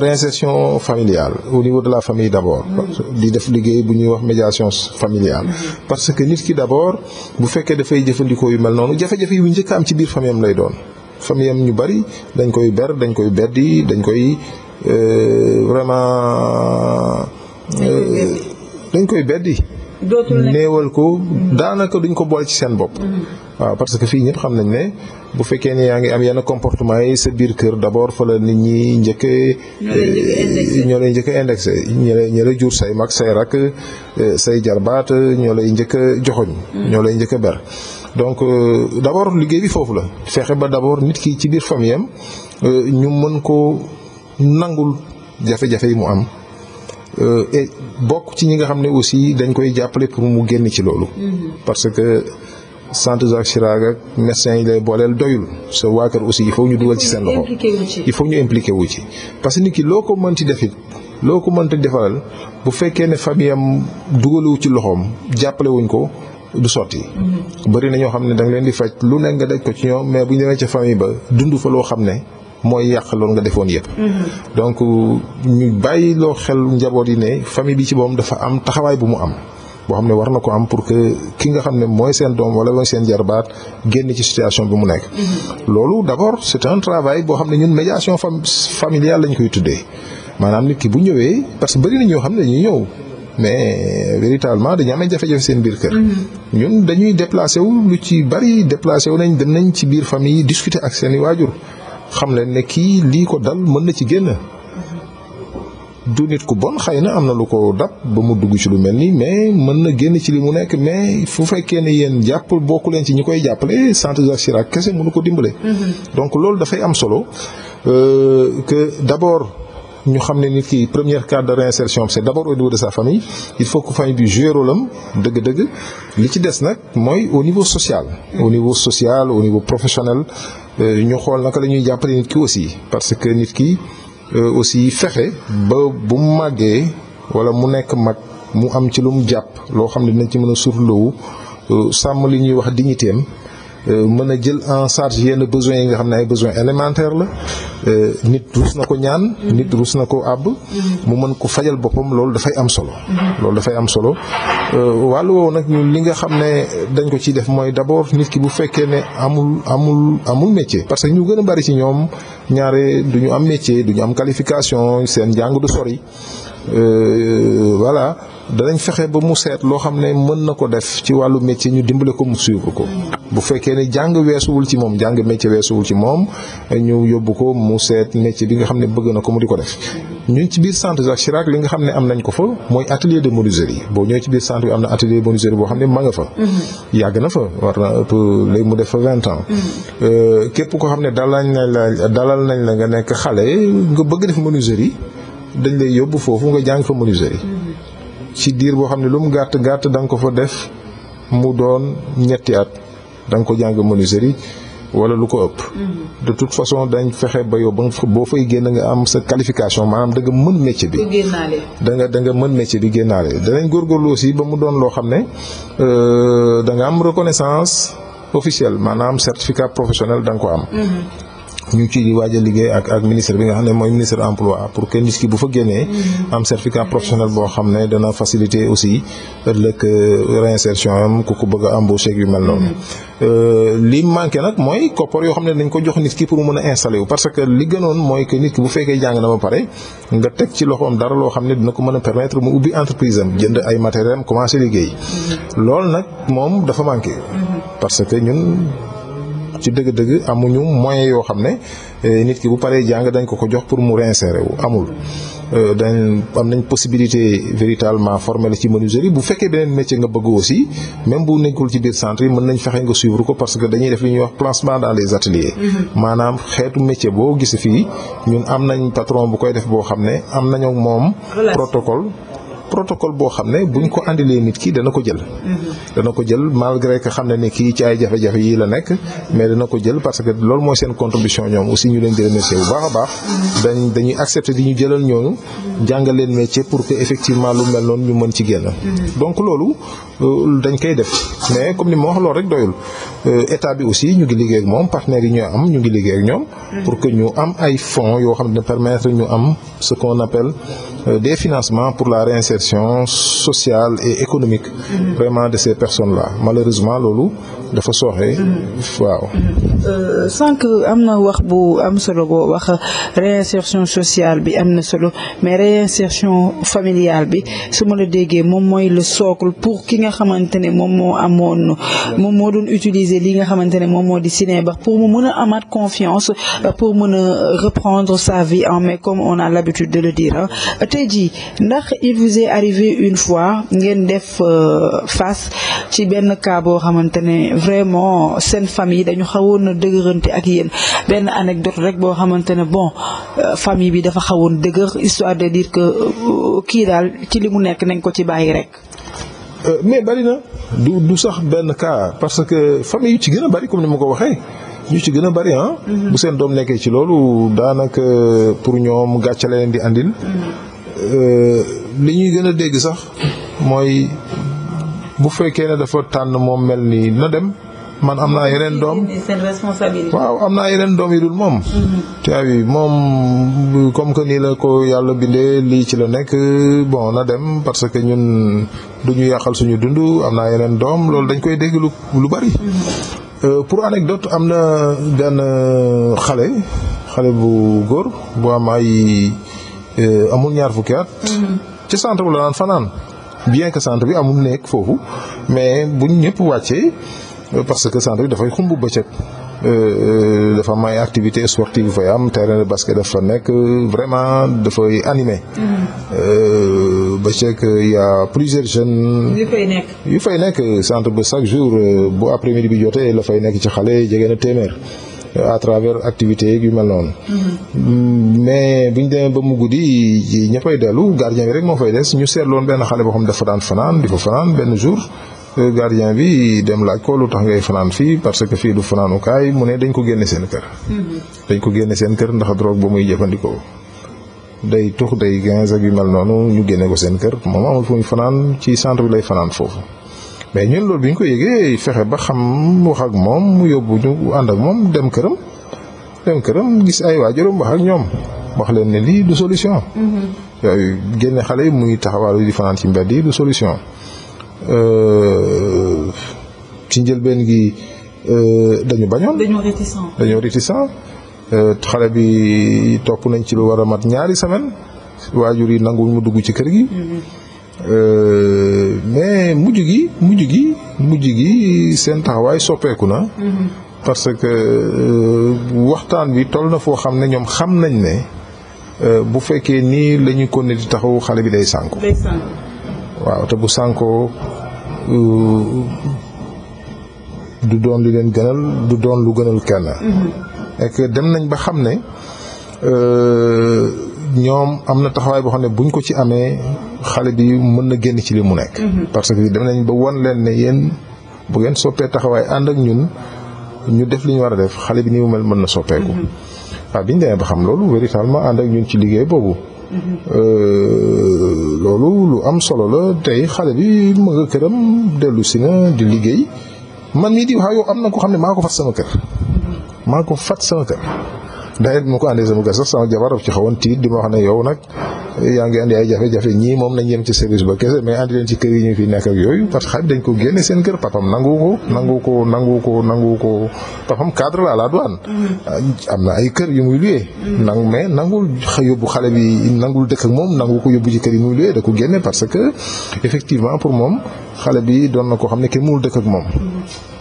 Speaker 2: réinsertion familiale au niveau de la famille d'abord mm-hmm. di def liggéey bu ñuy wax médiation familiale mm-hmm. parce que nit ki d'abord bu fekkee dafay jëfandikoo yu mel noonu jafe-jafe yu njëkk am ci biir famille lay doon famiyam ñu bari dañ koy ber dañ koy beddi dañ koy euh, vraiment. dañ koy euh, beddi. néewal ko mm-hmm. daanaka duñ ko boole ci seen bopp. Mm-hmm. waaw parce que fii ñëpp xam nañ ne bu fekkee ne yaa ngi am yenn comportement yi sa biir kër d'abord fa la nit ñi njëkk euh, ñoo lay njëkk a indexé ñoo lay jur say mag say rakk say jarbaat ñoo lay njëkk a joxoñ mm-hmm. ñoo lay njëkk a ber. donc euh, d' abord liggéey bi foofu la fexe ba d' abord nit ki ci biir famille am euh, ñu mën ko nangul jafe-jafe yi mu am euh, et bokk ci ñi nga xam ne aussi dañ koy jàppale pour mu génn ci loolu. Mm-hmm. parce que centre Jacques Chirac ak médecins yi lay booleel doyul sa waa kër aussi il faut ñu dugal ci seen loxo. il faut ñu impliqué wu ci. parce que nit ki loo ko mënti defit loo ko mënti defaral bu fekkee ne famille am dugaluwu ci loxoom jàppalewuñ ko. du sotti. bëri na ñoo xam ne da nga leen di faj lu ne nga daj ko ci ñoom mais bu ñu demee ca famille ba loo xam ne mooy yàq loolu nga defoon yëpp. donc ñu bàyyi loo xel njaboot yi ne famille bi ci boom dafa am taxawaay bu mu am. boo xam ne war na ko am pour que ki nga xam ne mooy seen doom wala mooy seen jarbaat génn ci situation bi mu nekk. loolu d'abord c'est un boo xam ne ñun médiation fam familiale lañ koy tuddee maanaam nit ki bu ñëwee parce que bëri na ñoo xam ne dañuy ñëw. mais euh, véritablement dañu am ay jafe-jafe seen biir kër. Mhm. ñun dañuy déplacé wu lu ci bari déplacé wu nañ dem nañ ci biir famille yi discuter ak seen i waajur xam leen ne kii lii ko dal mën na ci génn. du nit ku bon xëy na am na lu ko dab ba mu dugg ci lu mel nii mais mën na génn ci li mu nekk mais fu fekkee ne yéen jàpp bokku leen ci ñi koy jàppale centre Jacques Chirac kese mënu ko dimbale. Mhm. donc loolu dafay am solo euh, que d'abord. ñu xam ne nit ki première carte de réinsertion c'est d'abord au niveau de sa famille il faut que famille bi jouer rôle dëgg-dëgg li ci des nag mooy au niveau sociale au niveau social au niveau professionnel euh, ñu xool naka la jàppale nit ki aussi parce que nit ki euh, aussi fexe ba bu màggee wala mu nekk mag mu am ci lu mu jàpp loo xam ne dinañ ci mën a surloowu euh, sàmm li ñuy wax dignitéem Euh, mën a jël en charge yenn besoins yi nga xam ne ay besoins élémentaires la euh, nit rus na ko ñaan nit rus na ko àbb mu mën ko fajal boppam loolu dafay am solo loolu dafay am solo euh, wàllu woowu nag ñun li nga xam ne dañ ko ci def mooy d'abord nit ki bu fekkee ne amul amul amul métier parce que ñu gën a bari ci ñoom ñaare du ñu am métier du ñu am qualification seen jàng du sori Euh, euh, voilà danañ fexe ba mu seet loo xam ne mën na ko def ci wàllu métier ñu dimbale ko mu suivre ko bu fekkee ne jàng weesuwul ci moom jàng métier weesuwul ci moom ñu yóbbu ko mu seet métier bi nga xam ne bëgg na ko mu di ko def ñun ci biir centre Jacques Chirac li nga xam ne am nañ ko fa mooy atelier de menuiserie boo ñëwee ci biir centre am na atelier de menuiserie boo xam ne ma nga fa mm-hmm. yàgg na fa war na ëpp léegi mu def fa vingt ans mm-hmm. euh, képp ko xam ne dalal nañ la dalal nañ la nga nekk xale nga bëgg def menuiserie dañ lay yóbbu foofu nga jàng fa menuiserie ci diir boo xam ne lu mu gàtt gàtt da nga ko fa def mu doon ñetti at da ko jàng menuiserie wala lu ko ëpp. de toute façon dañ fexe ba yow ba boo fay génn nga am sa qualification maanaam da mën métier bi. da nga da nga mën métier bi génnaale danañ góorgóorlu aussi ba mu doon loo xam ne euh, da nga am reconnaissance officielle maanaam certificat professionnel da nga ko am.
Speaker 3: Mm-hmm.
Speaker 2: ñu ngi ciy waaj liggéey ak ministre bi nga xam ne mooy ministre emploi pour que nit ki bu fa génnee mm-hmm. am certificat professionnel boo xam ne dana faciliter aussi ëllëg euh, réinsertion am ku ko bëgg a embauché yu mel noonu mm-hmm. euh, li manqué nag mooy koppar yoo xam ne dañ ko jox nit ki pour mu mën a installé parce que li gënoon mooy que nit ki bu fekkee jàng na ba pare nga teg ci loxoom dara loo xam ne dina ko mën a permettre mu ubbi entreprise am jënd ay matériel mm-hmm. loolu nag moom dafa manqué ci dëgg-dëgg amuñu moyen yoo xam ne eh, nit ki bu paree jàng dañ ko ko jox pour mu réinsérer wu amul. Euh, dañ am nañ possibilité véritablement formé la ci menuiserie bu fekkee beneen métier nga bëgg aussi même bu nekkul ci biir centre yi mën nañ fexe nga suivre ko parce que dañuy def li ñuy wax placement dans les ateliers. Mm-hmm. maanaam xeetu métier boo gis fii ñun am nañ patron bu koy def boo xam ne am nañu moom protocole protocole boo xam ne buñ ko andilee nit ki dana ko jël. dana ko jël malgré que xam ne ni kii ci ay jafe-jafe yii la nekk. mais dana ko jël parce que loolu mooy seen contribution ñoom aussi ñu leen di remercier bu baax a baax. dañuy accepter di ñu jëlal ñooñu. jàngal leen pour que effectivement lu mel noonu ñu mën ci génn. Mm-hmm. donc loolu euh, dañ koy def mais comme ni ma wax loolu rek doyul euh, état bi aussi ñu ngi liggéey ak moom partenaires yi ñu am ñu ngi liggéey ak Euh, des financements pour la réinsertion sociale et économique mhm. vraiment de ces personnes-là malheureusement loolu dafa sooxee mhm. waaw mhm.
Speaker 1: Euh, sànq am na wax bu am solo boo wax réinsertion sociale bi am na solo mais réinsertion familiale bi su ma la déggee moom mooy le socle pour ki nga xamante ne moom moo amoon moon moo doon utiliser li nga xamante ne moom moo di Sinébar pour mu mën a amaat confiance pour mën a reprendre sa vie en main comme on a l'habitude de le dire jii ndax il vous une fois ngeen def euh, face ci benn cas boo xamante ne vraiment seen famille dañu xawoon a ak yéen benn anecdote rek boo xamante ne bon euh, famille bi dafa xawoon dëgër histoire de euh, kii daal ci li mu nekk nañ ko ci bàyyi rek.
Speaker 2: mais bari na du du sax benn cas parce que famille yu ci gën a bari comme ni ma ko waxee ñu ci gën a bari ah. mhm. bu seen doom nekkee ci loolu daanaka pour ñoom gàcce la leen di andil. Mhm. Euh, li ñuy gën a dégg sax mooy bu fekkee ne dafa tànn moom mel nii na dem man am naa yeneen doom waaw am naa yeneen doom yi dul moom mm-hmm. tia yi moom comme que nii la ko yàlla bindee lii ci la nekk bon na dem parce que ñun du yàqal suñu dund am naa yeneen doom loolu dañ koy dégg lu lu bari mm-hmm. euh, pour anecdote am na benn xale xale bu góor bu am ay Euh, amul ñaar fukki at mm-hmm. ci centre bu la naan fanaan bien que centre bi amul nekk foofu mais buñ ñëpp wàccee euh, parce que centre bi dafay xumb bëccëg euh, dafa am ay activité sportive fay am terrain de basket dafa nekk vraiment dafay animé mm-hmm. ba ceek y a plusieurs jeunes yu fay nekk yu fay nekk centre ba chaque jour bu après-midi bi jotee la fay nekk ci xale jege na téeméer à travers activités yu mel noonu. Mm-hmm. mais bu demee ba mu guddi ña fay dellu gardien bi rek moo fay des ñu seetloon benn xale boo xam ne dafa daan fanaan di fa fanaan benn jour. Euh, gardien bi dem laaj ko lu tax ngay fanaan fii parce que fii du fanaanukaay mu ne dañ ko génne seen kër. Mm-hmm. dañ ko génne seen kër ndax drogue ba muy jëfandikoo. day tux day gaz ak mel noonu ñu génne ko seen kër moom amul fu muy fanaan ci centre bi lay fanaan foofu. mais ñun loolu bi ñu ko yëgee fexe ba xam wax ak moom mu yóbbu ñu ànd ak moom dem këram dem këram gis ay waajuram wax ak ñoom wax leen ne lii du solution. Mm-hmm. yooyu génne xale yi muy taxawaalu di fanaan ci mbedd yi du solution. Euh, ci njëlbeen gi euh, dañu bañoon. dañoo réticent dañoo réticent euh, xale bi topp nañ ci lu war a mat ñaari semaine waajur yi nangu mu dugg ci kër gi. Mm-hmm. Euh, mais mujj gi mujj gi mujj gi seen taxawaay soppeeku na. Mhm. parce que euh, waxtaan bi toll na foo xam ne ñoom xam nañ ne euh, bu fekkee nii la ñu ko ne di taxaw xale bi day sànku. waaw te bu sànkoo du doon lu leen gënal du doon lu gënal kenn. Mhm. et que dem nañ ba xam ne. ñoom am na taxawaay boo xam ne buñ ko ci amee xale bi mën na génn ci li mu nekk. Mhm. parce que dem nañ ba wan leen ne yéen bu ngeen soppee taxawaay ànd ak ñun ñu def li ñu war a def xale bi ni mu mel mën na soppeeku. waaw mhm. ah, biñ ñu ba xam loolu véritablement ànd ak ñun ci liggéey boobu. Mhm. Euh, loolu lu am solo la tey xale bi mu nga këram dellu si na di liggéey man mii di wax yow am na ko xam ne maa ko fat sama kër. maa ko fat sama kër. ndax it mu ko andee sama kër sax sama jabar ci xawoon tiit di ma wax ne yow nag yaa ngi andi ay jafe-jafe ñii moom nañ yem ci service ba kese mais andi leen ci kër nekk ak yooyu parce que dañ ko génne seen kër papam nangu ko nangu ko nangu ko nangu ko papam cadre la à la mm-hmm. am na ay kër yu muy luyee nangu mais nangul yóbbu xale bi nangul dëkk ak moom nangu ko yóbbu ci kër yi muy luyee da ko génne parce que effectivement pour moom xale bi doon na ko xam ne kenn mënul dëkk ak moom
Speaker 3: mm-hmm.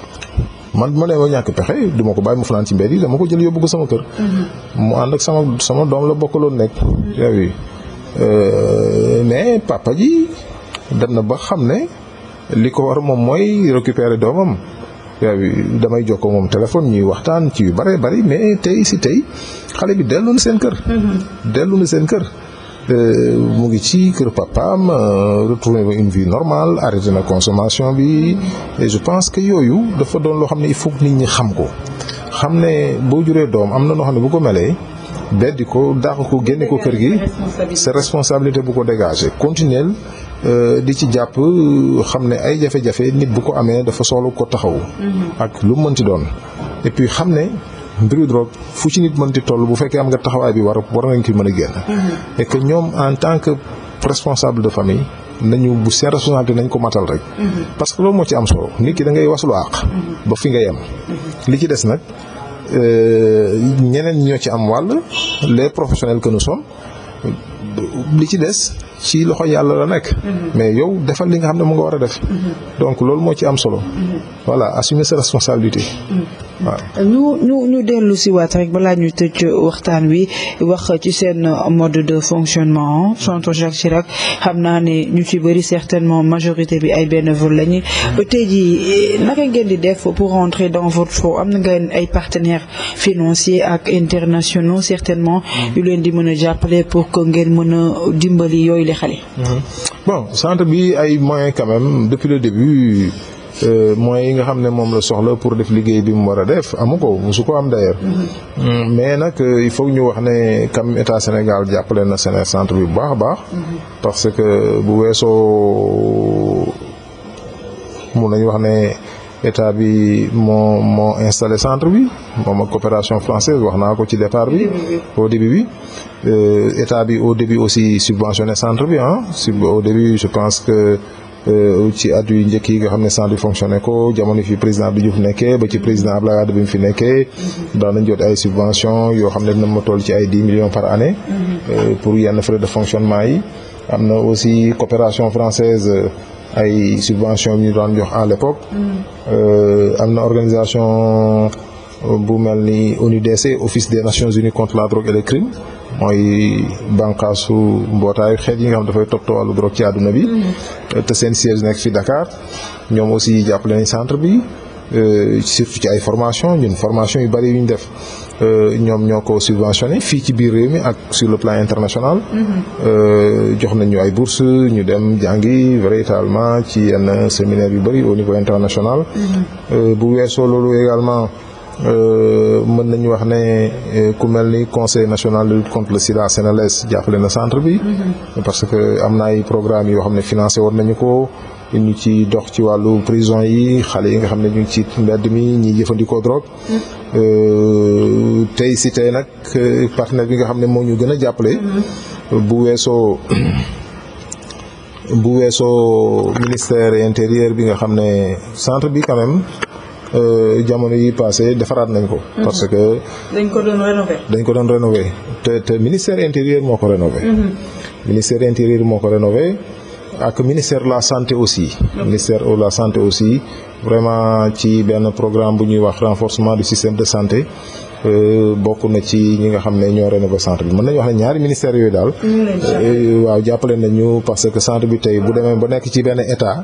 Speaker 2: man ma ne ma ñàkk pexe duma ko bàyyi mu fanaan ci mbedd yi dama ko jël yóbbu ko sama kër. Mhm. mu ànd ak sama sama doom la bokkaloon nekk. yooyu mhm. eh euh, mais papa ji dem na ba xam ne li ko war moom mooy récupérer doomam. yooyu eh damay jokkoo moom téléphone ñuy waxtaan ci yu bare bari mais tey si tey xale bi dellu na seen kër. Mhm. dellu na seen kër. Euh, mu ngi ci kër papaam retrouvé une vie normale arrêté na consommation bi je pense que yooyu dafa doon loo xam ne il foog nit ñi xam ko xam ne boo juree doom am na noo xam ne bu ko melee beddi ko dàq ko génne ko kër gi sa responsabilité bu ko dégager continuel euh, di ci jàpp xam ne ay jafe-jafe nit bu ko amee dafa soxla ko taxaw mm-hmm. ak lu mën ci doon et puis xam ne mbiru drogue fu ci nit mën di toll bu fekkee am nga taxawaay bi war war nañ mën a génn. Mm-hmm. et que ñoom en tant que responsable de famille. nañu bu seen responsabilité nañ ko matal rek. Mm-hmm. parce que loolu moo ci am solo ki da ngay waslu mm-hmm. ba fi nga yem. li ci des nag euh, ñeneen ñoo ci am wàll les professionnels que nous li ci des ci loxo yàlla la nekk. mais yow defal li nga xam ne mu nga war a def. donc loolu moo ci am solo. voilà assumer sa responsabilité. waaw
Speaker 1: ñu ñu ñu dellu si waat rek balaa ñu waxtaan wi wax ci seen mode de fonctionnement centre ci Chirac xam naa ne ñu ci bëri certainement majorité bi ay bénévole lañu tey jii naka ngeen di def pour rentrer dans votre foo am na ngeen ay partenaires financiers ak internationaux certainement mm-hmm. yu leen di mën a jàppale pour que ngeen mën a dimbali yooyu la xale
Speaker 2: mm-hmm. bon centre bi ay moyens quand même depuis le début Euh, moyens yi nga xam ne moom la soxla pour def liggéey bi mu war a def amu ko musu ko am d'ailleurs mm-hmm. euh, mais nag euh, il faut ñu wax ne kam état Sénégal jàppale na Sénégal centre bi bu baax a baax mm-hmm. parce que bu weesoo mun nañu wax ne état bi moo moo installé centre bi moom a coopération française wax naa ko ci départ bi au début bi état bi au début aussi subventionné centre bi ah au début je pense que Euh, ci at yu njëkk yi nga xam ne centre bi fonctionné ko jamono fi président Abdou Diouf nekkee ba ci président Abdoulaye Wade bi mu fi nekkee mhm. daan nañ jot ay subvention yoo xam ne dina ma toll ci ay dix millions par année mhm. euh, pour yenn frais de fonctionnement yi am na aussi coopération française euh, ay subvention yu ñu daan jox à l'époque mhm. am na organisation bu mel ni ONUDC office des nations unies contre la drogue et les crimes mooy bànqaasu mbootaayu xeet yi nga xam dafay toppatoo wàllu drogue ci àdduna bi. Mm-hmm. te seen siège nekk fi Dakar ñoom aussi jàppale nañ centre bi. Euh, surtout ci ay formation ñun formation yu bëri yu ñu def euh, ñoom ñoo ko subventionné fii ci biir réew mi ak sur le plan international
Speaker 3: mm-hmm.
Speaker 2: euh, jox nañu ay bourse ñu dem jàngi véritablement ci yenn séminaire yu bëri au niveau international mm-hmm. bu weesoo loolu également Euh, mën nañu wax ne euh, ku mel ni conseil national de lutte contre le sida Senelec jàppale na centre bi. Mhm. parce que am na ay programmes yoo xam ne financé woon nañu ko. ñu ci dox ci wàllu prison yi xale yi nga xam ne ñu ngi ci mbedd mi ñi jëfandikoo drogue. Mhm. Euh, tey si tey nag partenaire bi nga xam ne moo ñu gën a jàppale. Mhm. bu weesoo bu weesoo ministère intérieure bi nga xam ne centre bi quand Euh, jamono yi passé defaraat nañ ko. Mhm. parce que.
Speaker 1: dañ ko doon rénover.
Speaker 2: dañ te te ministère intérieur moo ko rénover. Mhm. ministère moo ko rénover ak ministère la santé aussi. ministère de la santé aussi vraiment ci benn programme bu ñuy wax renforcement du système de santé. Euh, bokk na ci ñi nga xam ne ñoo rénové centre bi mën nañu wax ne ñaari ministère yooyu daal. Euh, waaw jàppale nañu parce que centre bi tey bu demee ba nekk ci benn état.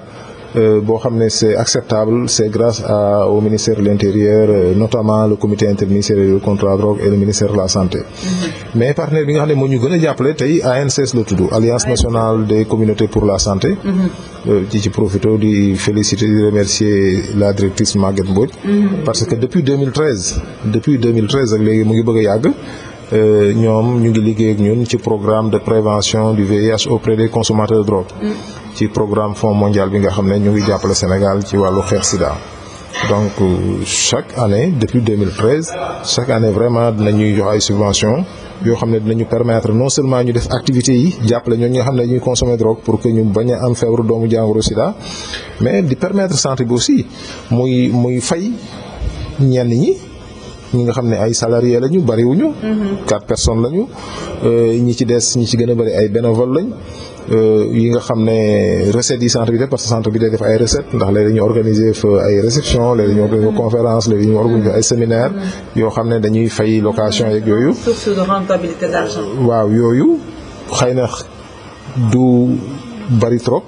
Speaker 2: Euh, boo xam ne c'est acceptable c'est grâce à au ministère de l'intérieur euh, notamment le comité interministériel contre la drogue et de la santé mm-hmm. mais partenaire bi nga xam ne moo ñu gën a jàppale tey ANCS la tudd alliance nationale des communautés pour la santé mm-hmm. euh, ci ci profito di féliciter di remercier la directrice Maguette Mbodj mm-hmm. parce que depuis 2013 depuis 2013 ak léegi mu ngi bëgg a yàgg ñoom ñu ngi liggéey ak ñun ci programme de prévention du VIH auprès des consommateurs de drogue mm. ci programme fonds mondial bi nga xam ne ñu ngi jàppale Sénégal ci wàllu xeex sida donc euh, chaque année depuis 2013 chaque année vraiment dinañuy jox ay subventions yoo xam ne dinañu permettre non seulement ñu def activité yi jàppale ñooñu nga xam ne ñuy consommer drogue pour que ñu bañ a am feebaru doomu jàngoro sida mais di permettre santé bi aussi muy muy fay ñenn ñi ñi nga xam ne ay salariés lañu bariwuñu. Mm-hmm. quatre personnes lañu euh, ñi ci des ñi ci gën a bari ay bénévoles lañ. Euh, yi nga xam ne recettes yi centre bi def parce que centre bi day def ay recettes ndax léeg dañu organiser fa ay réception léeg dañu organiser conférence léeg dañu organiser ay séminaire yoo xam ne dañuy fay location yeeg yooyu source waaw yooyu xëy na du bari trop.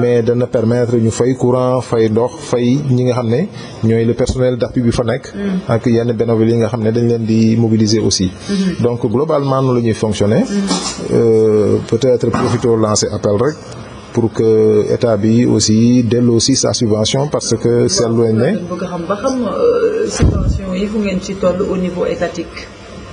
Speaker 2: mais dana permettre ñu fay courant fay ndox fay ñi nga xam ne ñooy le personnel d'appui bi fa nekk. Mm. ak yenn bénévoles yi nga xam ne dañ leen di mobiliser aussi. Mm-hmm. donc globalement noonu la ñuy fonctionner. Mm-hmm. Euh, peut-être profiter lancer appel rek. pour que état bi aussi delloo si sa subvention parce que seetlu nañ ne. bëgg
Speaker 1: xam ba xam euh, subvention yi fu ngeen ci toll au niveau étatique.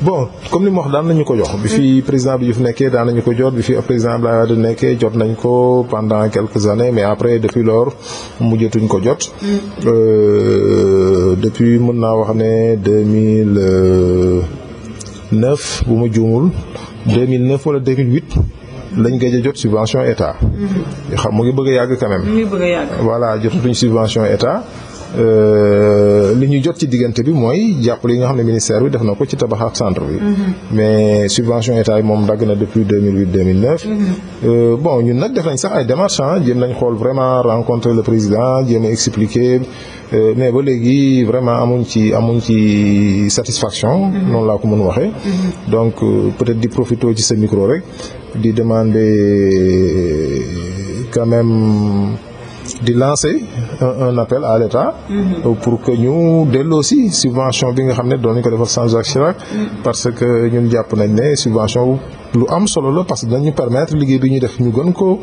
Speaker 2: bon comme li mu wax daan nañu ko jox bi fi hmm. président bi Diouf nekkee daan nañu ko jot bi fi président Abdoulaye Wade nekkee jot nañ ko pendant quelques années mais après depuis lors mujjatuñ ko jot hmm. euh, depuis mën naa wax ne 2009 bu ma juumul 2009 wala 2008 lañ gëj a jot subvention état hmm. xam mu ngi bëgg yàgg quand même voilà subvention état Euh, li ñu jot ci diggante bi mooy jàppale yi nga xam ne ministère bi def na ko ci tabaxaat centre bi. Mm-hmm. mais subvention état yi moom dagg na depuis 2008 2009. Mm-hmm. Euh, bon ñun nag def nañ sax ay démarches ah jéem nañ xool vraiment rencontrer le président jéem a expliquer euh, mais ba léegi vraiment amuñ ci amuñ ci satisfaction. Mm-hmm. noonu laa ko mën waxee. donc peut-être di profiter ci sa micro rek di demander quand di lancer un, un appel à l'État mm-hmm. pour que ñu delloosi subvention bi nga xam ne doon nañu ko defal sans Jacques Chirac mm-hmm. parce que ñun jàpp nañ ne subvention lu am solo la parce que ñu permettre liggéey bi ñu def ñu gën ko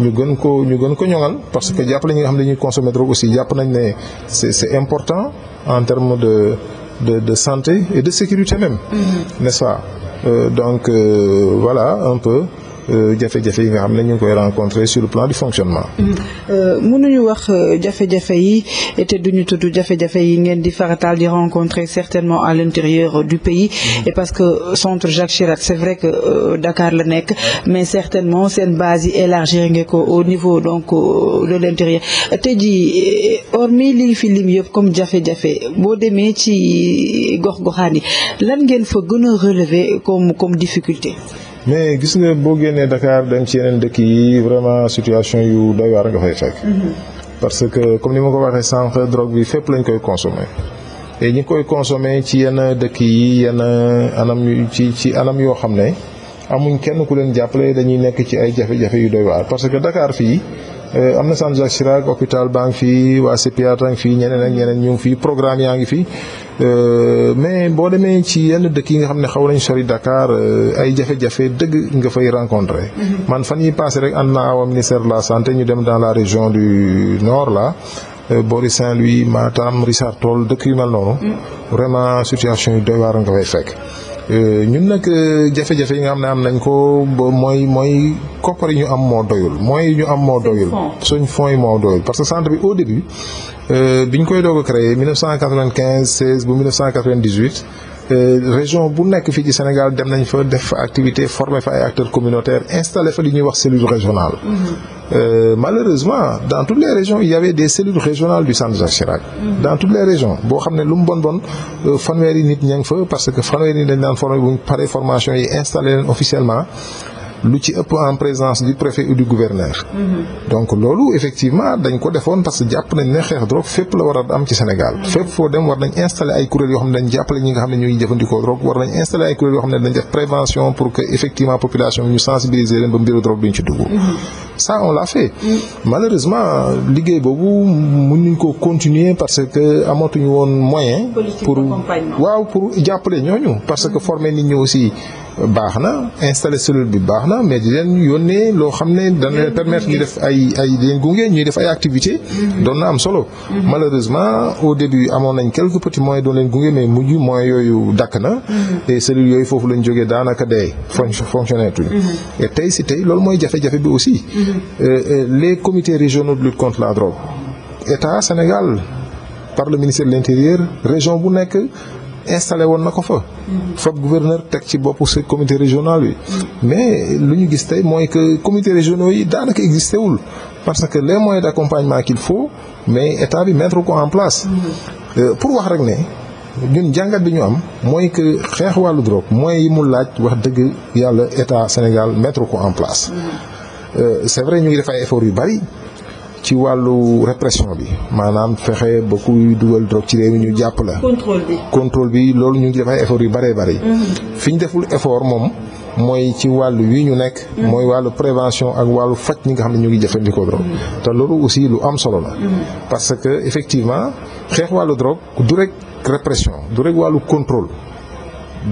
Speaker 2: ñu gën ko ñu gën ko ñoŋal parce que jàppale ñi nga xam ne dañuy consommer aussi jàpp nañ ne c'est c'est important en termes de de de santé et de sécurité même. Mm-hmm. nest pas euh, donc euh, voilà un peu. Euh, jafe-jafe yi nga xam ne ñu ngi koy rencontrer sur le plan du fonctionnement.
Speaker 1: Mm-hmm. Euh, mënuñu wax euh, jafe-jafe yi te ñu tudd jafe-jafe yi ngeen di faratal di rencontrer certainement à l'intérieur du pays mm-hmm. et parce que centre Jacques Chirac c'est vrai que Dakar la nekk mais certainement seen base yi élargir ngeen ko au niveau donc de l'intérieur te ji hormis li fi lim yëpp comme jafe-jafe boo demee ci gox-goxaan yi lan ngeen fa gën a relever comme comme difficulté.
Speaker 2: mais gis nga boo génnee Dakar dem ci yeneen dëkk yi vraiment situation yu doy waar nga fay fekk. Mm-hmm. parce que comme ni ma ko waxee sànq drogue bi fépp lañ koy consommer. et ñi koy consommer ci yenn dëkk yi yenn anam ci ci anam yoo xam ne amuñ kenn ku leen jàppale dañuy nekk ci ay jafe-jafe yu doy waar parce que dakaar fii. Eh, am na Sam Jacques Chirac hôpital baa ngi fii waa CPIAT a fii ñeneen ak ñeneen ñu fii programme yaa ngi fii eh, mais boo demee ci yenn dëkk yi nga xam ne xaw nañu sori Dakar eh, ay jafe-jafe dëgg nga fay rencontrer. Mm-hmm. man fan yi passé rek ànd naa waa ministère la santé ñu dem dans la région du nord là. Bory Saint-Louis Matam Richard tool dëkk yi mel noonu. Mm. vraiment situation yi doy waar nga fay fekk. Euh, ñun nag euh, jafe-jafe yi nga xam ne am nañ ko bo mooy mooy koppar yi ñu am moo doyul mooy ñu am moo doyul. suñ fonds yi moo doyul parce que centre bi de au début euh, biñ koy doog a créé 1995 16 bu 1998. Euh, région bu nekk fii ci Sénégal dem nañ fa def fa activité former fa ay acteurs communautaires installé fa li ñuy wax cellule régionale. Mhm. Euh, malheureusement dans toutes les régions il y des cellules régionales du centre Jacques Chirac. Mhm. dans toutes les régions boo xam ne lu mu bon bon euh, fanweeri nit ña ngi fa parce que fanweeri nit dañ daan former bu ñu paree formation yi installé leen officiellement. lu ci ëpp en présence du préfet ou du gouverneur. Mhm. donc loolu effectivement dañ ko defoon parce que jàpp nañ ne xeex drogue fépp la war a am ci Sénégal. Mhm. fépp foo dem war nañ installer ay kuréel yoo xam ne dañ jàppale ñi nga xam ne ñooy jëfandikoo drogue war nañ installer ay kuréel yoo xam ne dañ def prévention pour que effectivement population ñu sensibiliser ba mbiru drogue duñ ci dugg. Mhm. ça on l'a fait. malheureusement liggéey boobu mënuñ ko continuer parce que amatuñu woon moyen. pour waaw pour jàppale ñooñu parce que former nit ñi aussi. baax na installer cellule bi baax na mais di leen yónnee loo xam ne dana leen permettre ñu def ay ay di leen gunge ñuy def ay activité mm-hmm. doon na am solo malheureusement au début amoon nañ quelques petits moyens doon leen gunge mais mujj moyens yooyu dakk na mm-hmm. et cellules yooyu foofu lañ jógee daanaka dee fonctionner tuñ mm-hmm. et tey si tey loolu mooy jafe-jafe bi aussi euh, euh, les comités régionaux de lutte contre la drogue état Sénégal par le ministère de l'intérieur région bu nekk installé woon na ko fa. Mhm. fab gouverneur teg ci bopp ce comité régional bi. Mhm. mais lu ñu gis tey mooy que comité régionaux yi daanaka existé wul parce que les moyens d' accompagnement qu'il faut mais état bi mettre ko en place. Mhm. Euh, pour wax rek ne ñun jàngat bi ñu am mooy que xeex wàllu drogue mooy yi mu laaj wax dëgg yàlla état Sénégal mettre ko en place. Euh, c' est vrai ñu ngi def ay efforts yu bari. ci wàllu répression bi maanaam fexe ba kuy dugal drogue ci réew mi ñu jàpp la. contrôle bi contrôle loolu ñu ngi def ay yu bëree bëri. Mhm. fi ñu deful effort moom mooy ci wàllu wi ñu nekk. Mhm. mooy wàllu prévention ak wàllu faj ñi nga xam ne ñu ngi jëfandikoo drogue. Mhm. te loolu aussi lu am solo la. parce que effectivement xeex wàllu drogue du rek répression du rek wàllu contrôle.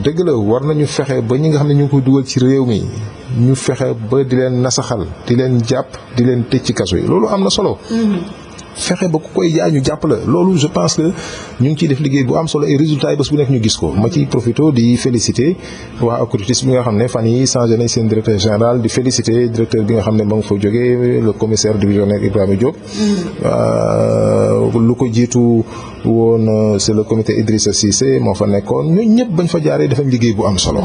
Speaker 2: dëgg la war na ñu fexe ba ñu nga xam ne ñu ngi koy dugal ci réew mi ñu fexe ba di leen nasaxal di leen jàpp di leen tëj ci kaso yi loolu am na solo. Mm-hmm. fexe ba ku koy jaay ñu jàpp la loolu je pense que ñu ngi ciy def liggéey bu am solo ay résultats yi bés bu nekk ñu gis ko ma ciy profito di féliciter waa OCRTIS bi nga xam ne fan yi changé nañ seen directeur général di féliciter directeur bi nga xam ne ma nga fa jógee le commissaire mm-hmm. euh, lu ko jiitu. woon euh, c'est le comité a Cissé moo fa nekkoon ñun ñëpp bañ fa jaaree dafa liggéey bu am solo.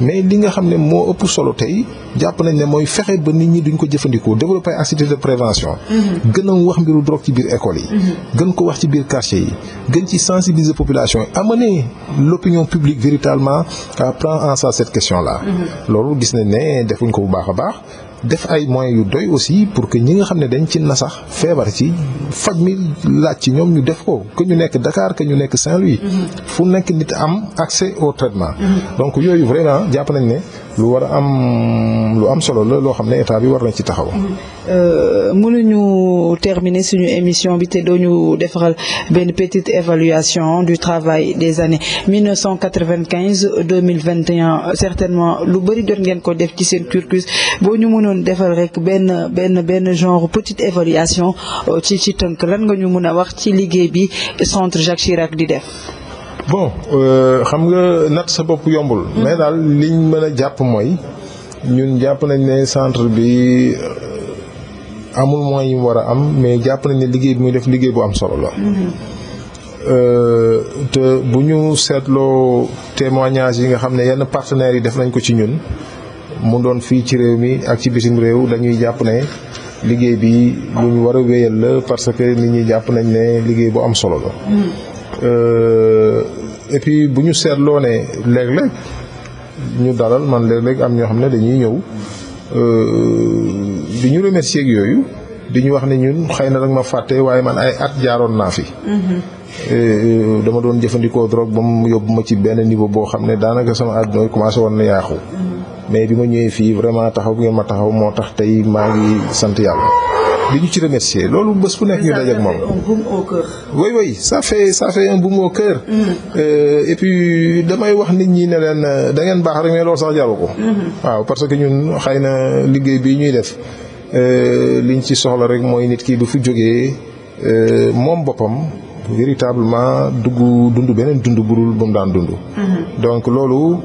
Speaker 2: mais li nga xam ne moo ëpp solo tey jàpp nañ ne mooy fexe ba nit ñi duñ ko jëfandikoo développer activité de prévention. gën a wax mbiru drogue ci biir école yi. gën ko wax ci biir quartier yi gën ci sensibiliser population yi amener l'opinion publique véritablement à prendre en charge cette question là. Mm-hmm. loolu gis nañ ne defuñ ko bu baax a baax. def ay moyens yu doy aussi pour que ñi nga xam ne dañ ci sax feebar ci faj mi laaj ci ñoom ñu def ko que ñu nekk Dakar que ñu nekk Saint-Louis. Mm-hmm. fu nekk nit am accès au traitement. Mm-hmm. donc yooyu vraiment jàpp nañ ne. lu a am lu am solo la loo xam ne état bi war na ci taxaw.
Speaker 1: Mm-hmm. Euh, mënuñu terminer suñu émission bi te doo ñu defaral benn petite évaluation du travail des années 1995 2021 certainement lu bëri jot ngeen ko def ci seen cursus boo ñu mënoon defal rek benn benn benn genre petite évaluation euh, ci ci tënk lan nga ñu mën a wax ci liggéey bi centre Jacques Chirac di def.
Speaker 2: bon euh, xam nga natt sa bopp yombul. Mm. mais daal liñ mën a jàpp mooy ñun jàpp nañ ne centre bi euh, amul moyens yi war a am mais jàpp nañ ne liggéey bi muy def liggéey bu am solo la. Mm-hmm. Euh, te bu ñu seetloo témoignage yi nga xam ne yenn partenaires yi def nañ ko ci ñun mu doon fii ci réew mi ak ci bitim réew dañuy jàpp ne liggéey bi lu ñu war a wéyal la parce que nit ñi jàpp nañ ne liggéey bu am solo la. Mm. Euh, et puis bu ñu seetloo ne léeg-léeg ñu dalal man léeg-léeg am ñoo xam ne dañuy ñëw euh, di ñu remercier ak yooyu di ñu wax ne ñun xëy na rek ma fàtte waaye man ay at jaaroon naa fi. Mm-hmm. Euh, dama doon jëfandikoo drop ba mu yóbbu ma ci benn niveau boo xam ne daanaka sama àdduna commencé woon na yaaxu. Mm-hmm. mais bi ma ñëwee fii vraiment taxaw ngeen ma taxaw moo tax tey maa ngi sant yàlla. di ñu ci remercier loolu bés bu nekk ñu dajeeg moom. un boum au cœur. oui oui ça fait ça fait un boum au cœur. Mm. Euh, et damay wax nit ñi ne leen euh, da ngeen baax rek mais loolu sax jaru ko. Mm-hmm. waaw parce que ñun xay na liggéey bi ñuy def li euh, liñ ci soxla rek mooy nit ki bu fi jógee moom boppam. véritablement dugg dund beneen dund burul ba mu daan dund. Mm-hmm. donc loolu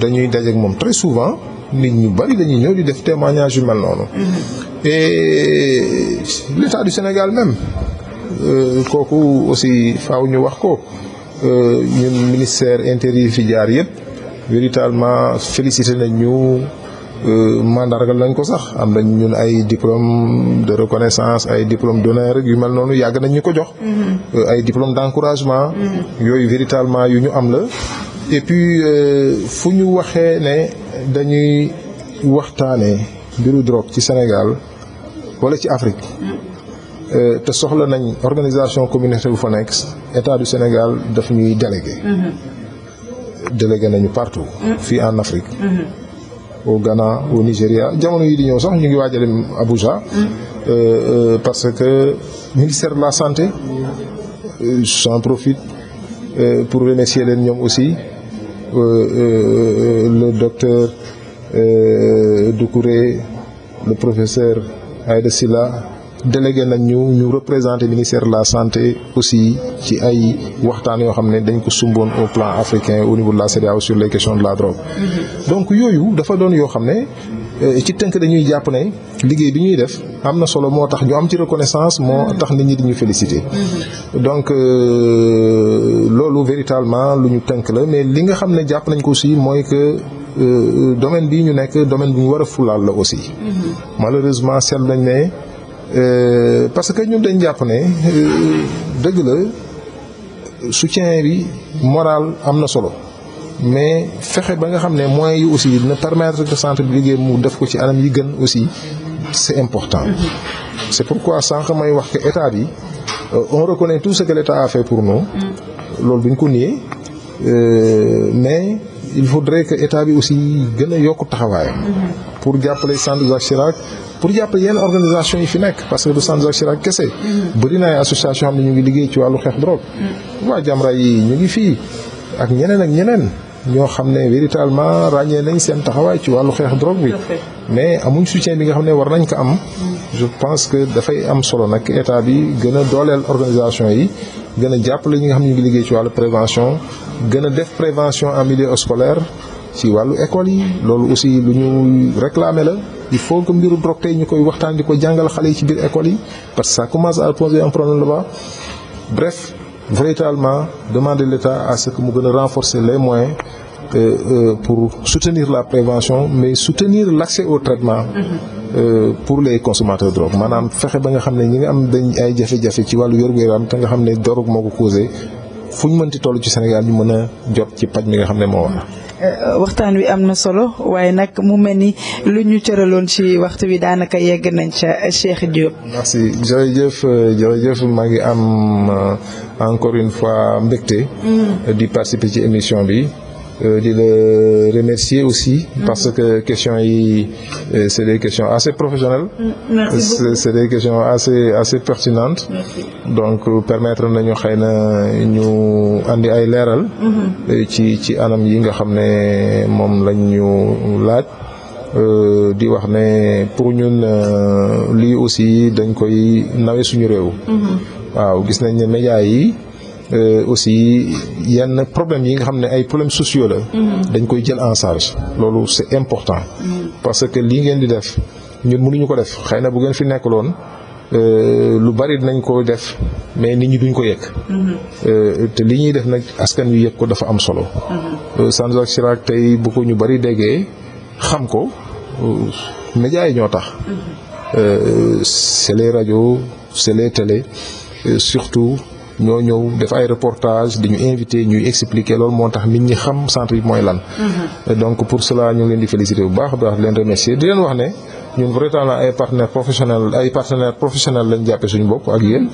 Speaker 2: dañuy dajeeg moom très souvent. nit ñu bari dañuy ñëw di def témoignage yu mel noonu. Mm-hmm. et l'état du Sénégal même euh, kooku aussi faw ñu wax ko euh, ñun ministère intérieur fi jaar yëpp véritablement félicité nañ ñu. Euh, mandargal nañ ko sax am nañ ñun ay diplôme de reconnaissance ay diplôme d'honneur yu mel noonu yàgg nañ ñu ko jox
Speaker 3: mm-hmm.
Speaker 2: ay diplôme d'encouragement mm-hmm. yooyu véritalement yu ñu am la et puis fu ñu waxee ne dañuy waxtaanee mbiru drogue ci Sénégal wala ci Afrique euh, te soxla nañ organisation communautaire bu fa nekk état du Sénégal daf ñuy délégué. Mhm. délégué nañu partout. Mhm. fii en Afrique. Mhm. au Ghana au Nigéria jamono yi di ñëw sax ñu ngi waaj a dem Abuja. Euh, euh, parce que ministère de la santé. j'en profite pour remercier leen ñoom aussi. Euh, euh, euh, le docteur Doucouré le professeur Aïda Silla délégué nañ ñu ñu représenté ministère de la santé aussi ci ay waxtaan yoo xam ne dañ ko sumboon au plan africain au niveau de la CEDEAO sur les questions de la drogue. Mm-hmm. donc yooyu dafa doon yoo xam ne. Euh, ci tënk dañuy jàpp ne liggéey bi ñuy def am na solo moo tax ñu am ci reconnaissance moo mm-hmm. tax nit ñi di ñu féliciter. Mm-hmm. donc euh, loolu véritablement lu ñu tënk la mais li nga xam ne jàpp nañ ko aussi mooy que euh, domaine bii ñu nekk domaine bu ñu war a fulaal la aussi.
Speaker 3: Mm-hmm.
Speaker 2: malheureusement seetlu nañ ne parce que ñun dañ jàpp ne dëgg la soutien bi moral am na solo. mais fexe ba nga xam ne moyens yi aussi dina permettre que centre bi liggéey mu def ko ci anam yi gën aussi c'est important c'est pourquoi sànq may wax que état yi euh, on reconnaît tout ce que l'état a fait pour nous loolu duñ ko nier euh, mais il faudrait que état bi aussi gën a yokk taxawaayam pour jàppale centre Jacques Chirac pour jàppale yenn organisation yi fi nekk parce que du centre Jacques Chirac kese bëri na ay association xam ne ñu ngi liggéey ci wàllu xeex drogue waa Jamra yi ñu ngi fii ak ñeneen ak ñeneen ñoo xam ne véritablement ràññee nañ seen taxawaay ci wàllu xeex drogue bi mais amuñ soutien bi nga xam ne war nañ ko am mm. je pense que dafay am solo nag état bi gën a dooleel organisation yi gën a jàppale ñi nga xam ne ñu ngi liggéey ci wàllu prévention gën def prévention en milieu scolaire ci wàllu école yi loolu aussi lu ñu réclamer la il faut que mbiru drogue tey ñu koy waxtaan di ko jàngal xale yi ci biir école yi parce que ça commence à poser un problème là-bas véritablement demander l'État à ce que mu gën a renforcer les moyens euh, euh pour soutenir la prévention mais soutenir l'accès au traitement mhm. euh, pour les consommateurs de drogue maanaam fexe ba nga xam ne ñi nga am dañ ay jafe-jafe ci wàllu yor gu yaram te nga xam ne drogue moo ko causé fu ñu mënti toll ci Sénégal ñu mën a jot ci paj mi nga xam ne moo war
Speaker 1: Euh, waxtaan wi am na solo waaye nag mu mel ni lu ñu cëraloon ci waxtu wi daanaka yegg nañ ca
Speaker 2: Cheikh Diop. merci jërëjëf euh, jërëjëf maa ngi am euh, encore une fois mbégte. Mm. di participer ci émission bi. Euh, di la remercier aussi. Mm-hmm. parce que questions yi euh, c' est des questions assez professionnelles.
Speaker 3: Mm, merci
Speaker 2: c' est des questions assez assez pertinentes. donc euh, permettre nañu xëy na ñu andi ay leeral. Mm-hmm. ci ci anam yi nga xam ne moom lañu ñu laaj. Euh, di wax ne pour ñun euh, lii aussi dañ koy nawe suñu réew. Mm-hmm. waaw gis nañ ne médias yi. Euh, aussi yenn problème yi nga xam ne ay problèmes sociaux la. Mm-hmm. dañ koy jël en charge loolu c'est important. Mm-hmm. parce que lii ngeen di def ñun mënuñu ko def xëy na bu ngeen fi nekk nekkuloon euh, lu bari dinañ ko def mais nit ñi duñ ko yëg. Mm-hmm. Euh, te li ñuy def nag askan wi yëg ko dafa am solo. Sans Jacques Chirac tey bu ko ñu bari déggee xam ko médias yi ñoo tax. c'est les radios c'est les télé surtout. ñoo ñëw def ay reportage di ñu invité ñuy expliquer loolu moo tax nit ñi xam centre bi mooy lan. Mm-hmm. donc pour cela ñu ngi leen di féliciter bu baax baax di leen remercier di leen wax ne ñun vraiment ay partenaires professionnels ay partenaires professionnels lañ jàppee suñu bopp ak yéen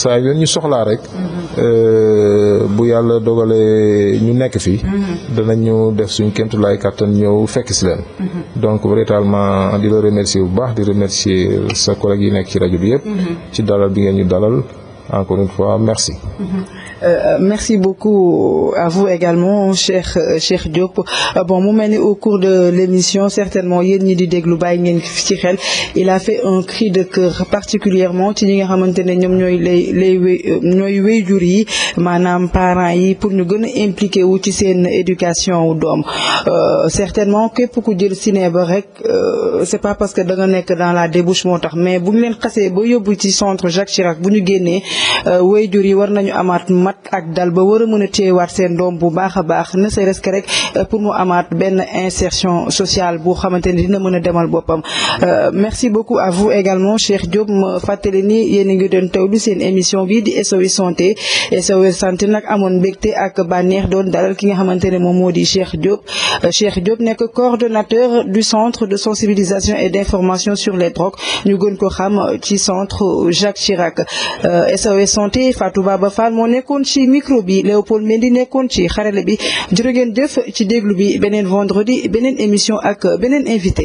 Speaker 2: saa yoon ñu soxlaa rek. Mm-hmm. Euh, bu yàlla dogalee ñu nekk fii. Mm-hmm. danañu def suñu kéemtulaay kàttan ñëw fekk si leen. donc véritablement di la remercier bu baax di remercier sa collègue yi nekk ci rajo bi yëpp. ci dalal bi ngeen ñu dalal. encore une fois merci.
Speaker 3: Mm-hmm.
Speaker 1: Euh, euh, merci beaucoup à vous également Cheikh euh, Cheikh Diop bon mu mel ni au cours de l'émission certainement yéen ñi di déglu bàyyi ngeen ci xel il a fait un cri de cœur particulièrement ci ñi nga xamante ne ñoom ñooy lay lay wéy ñooy wéyjur yi maanaam parents yi pour ñu gën a impliqué wu ci seen éducation wu doom certainement képp ku jël ciné ba rek c'est pas parce que danga nekk dans la débauche moo tax mais bu ñu leen xasee ba yóbbu ci centre Jacques Chirac bu ñu génnee wéyjur nag ak dal ba mën a téyewaat seen doom bu baax a baax ne serait-ce que rek euh, pour mu amaat benn insertion sociale bu xamante ni dina mën a demal boppam euh, merci beaucoup a vous également Cheikh Diop ma fàttali ni yéen a ngi doon teewlu seen émission bi di SOS santé SOS santé nag amoon mbégte ak bànneex doon dalal ki nga xamante ne moom moo di Cheikh Diop euh, Cheikh Diop nekk coordonnateur du centre de sensibilisation et d'information sur les drogues ñu gën ko xam ci centre Jacques Chirac SOS santé Fatou nekkoon ci micro bi Léopold Mendy nekkoon ci xarale bi jërë ngeen jëf ci déglu bi beneen vendredi beneen émission ak beneen invité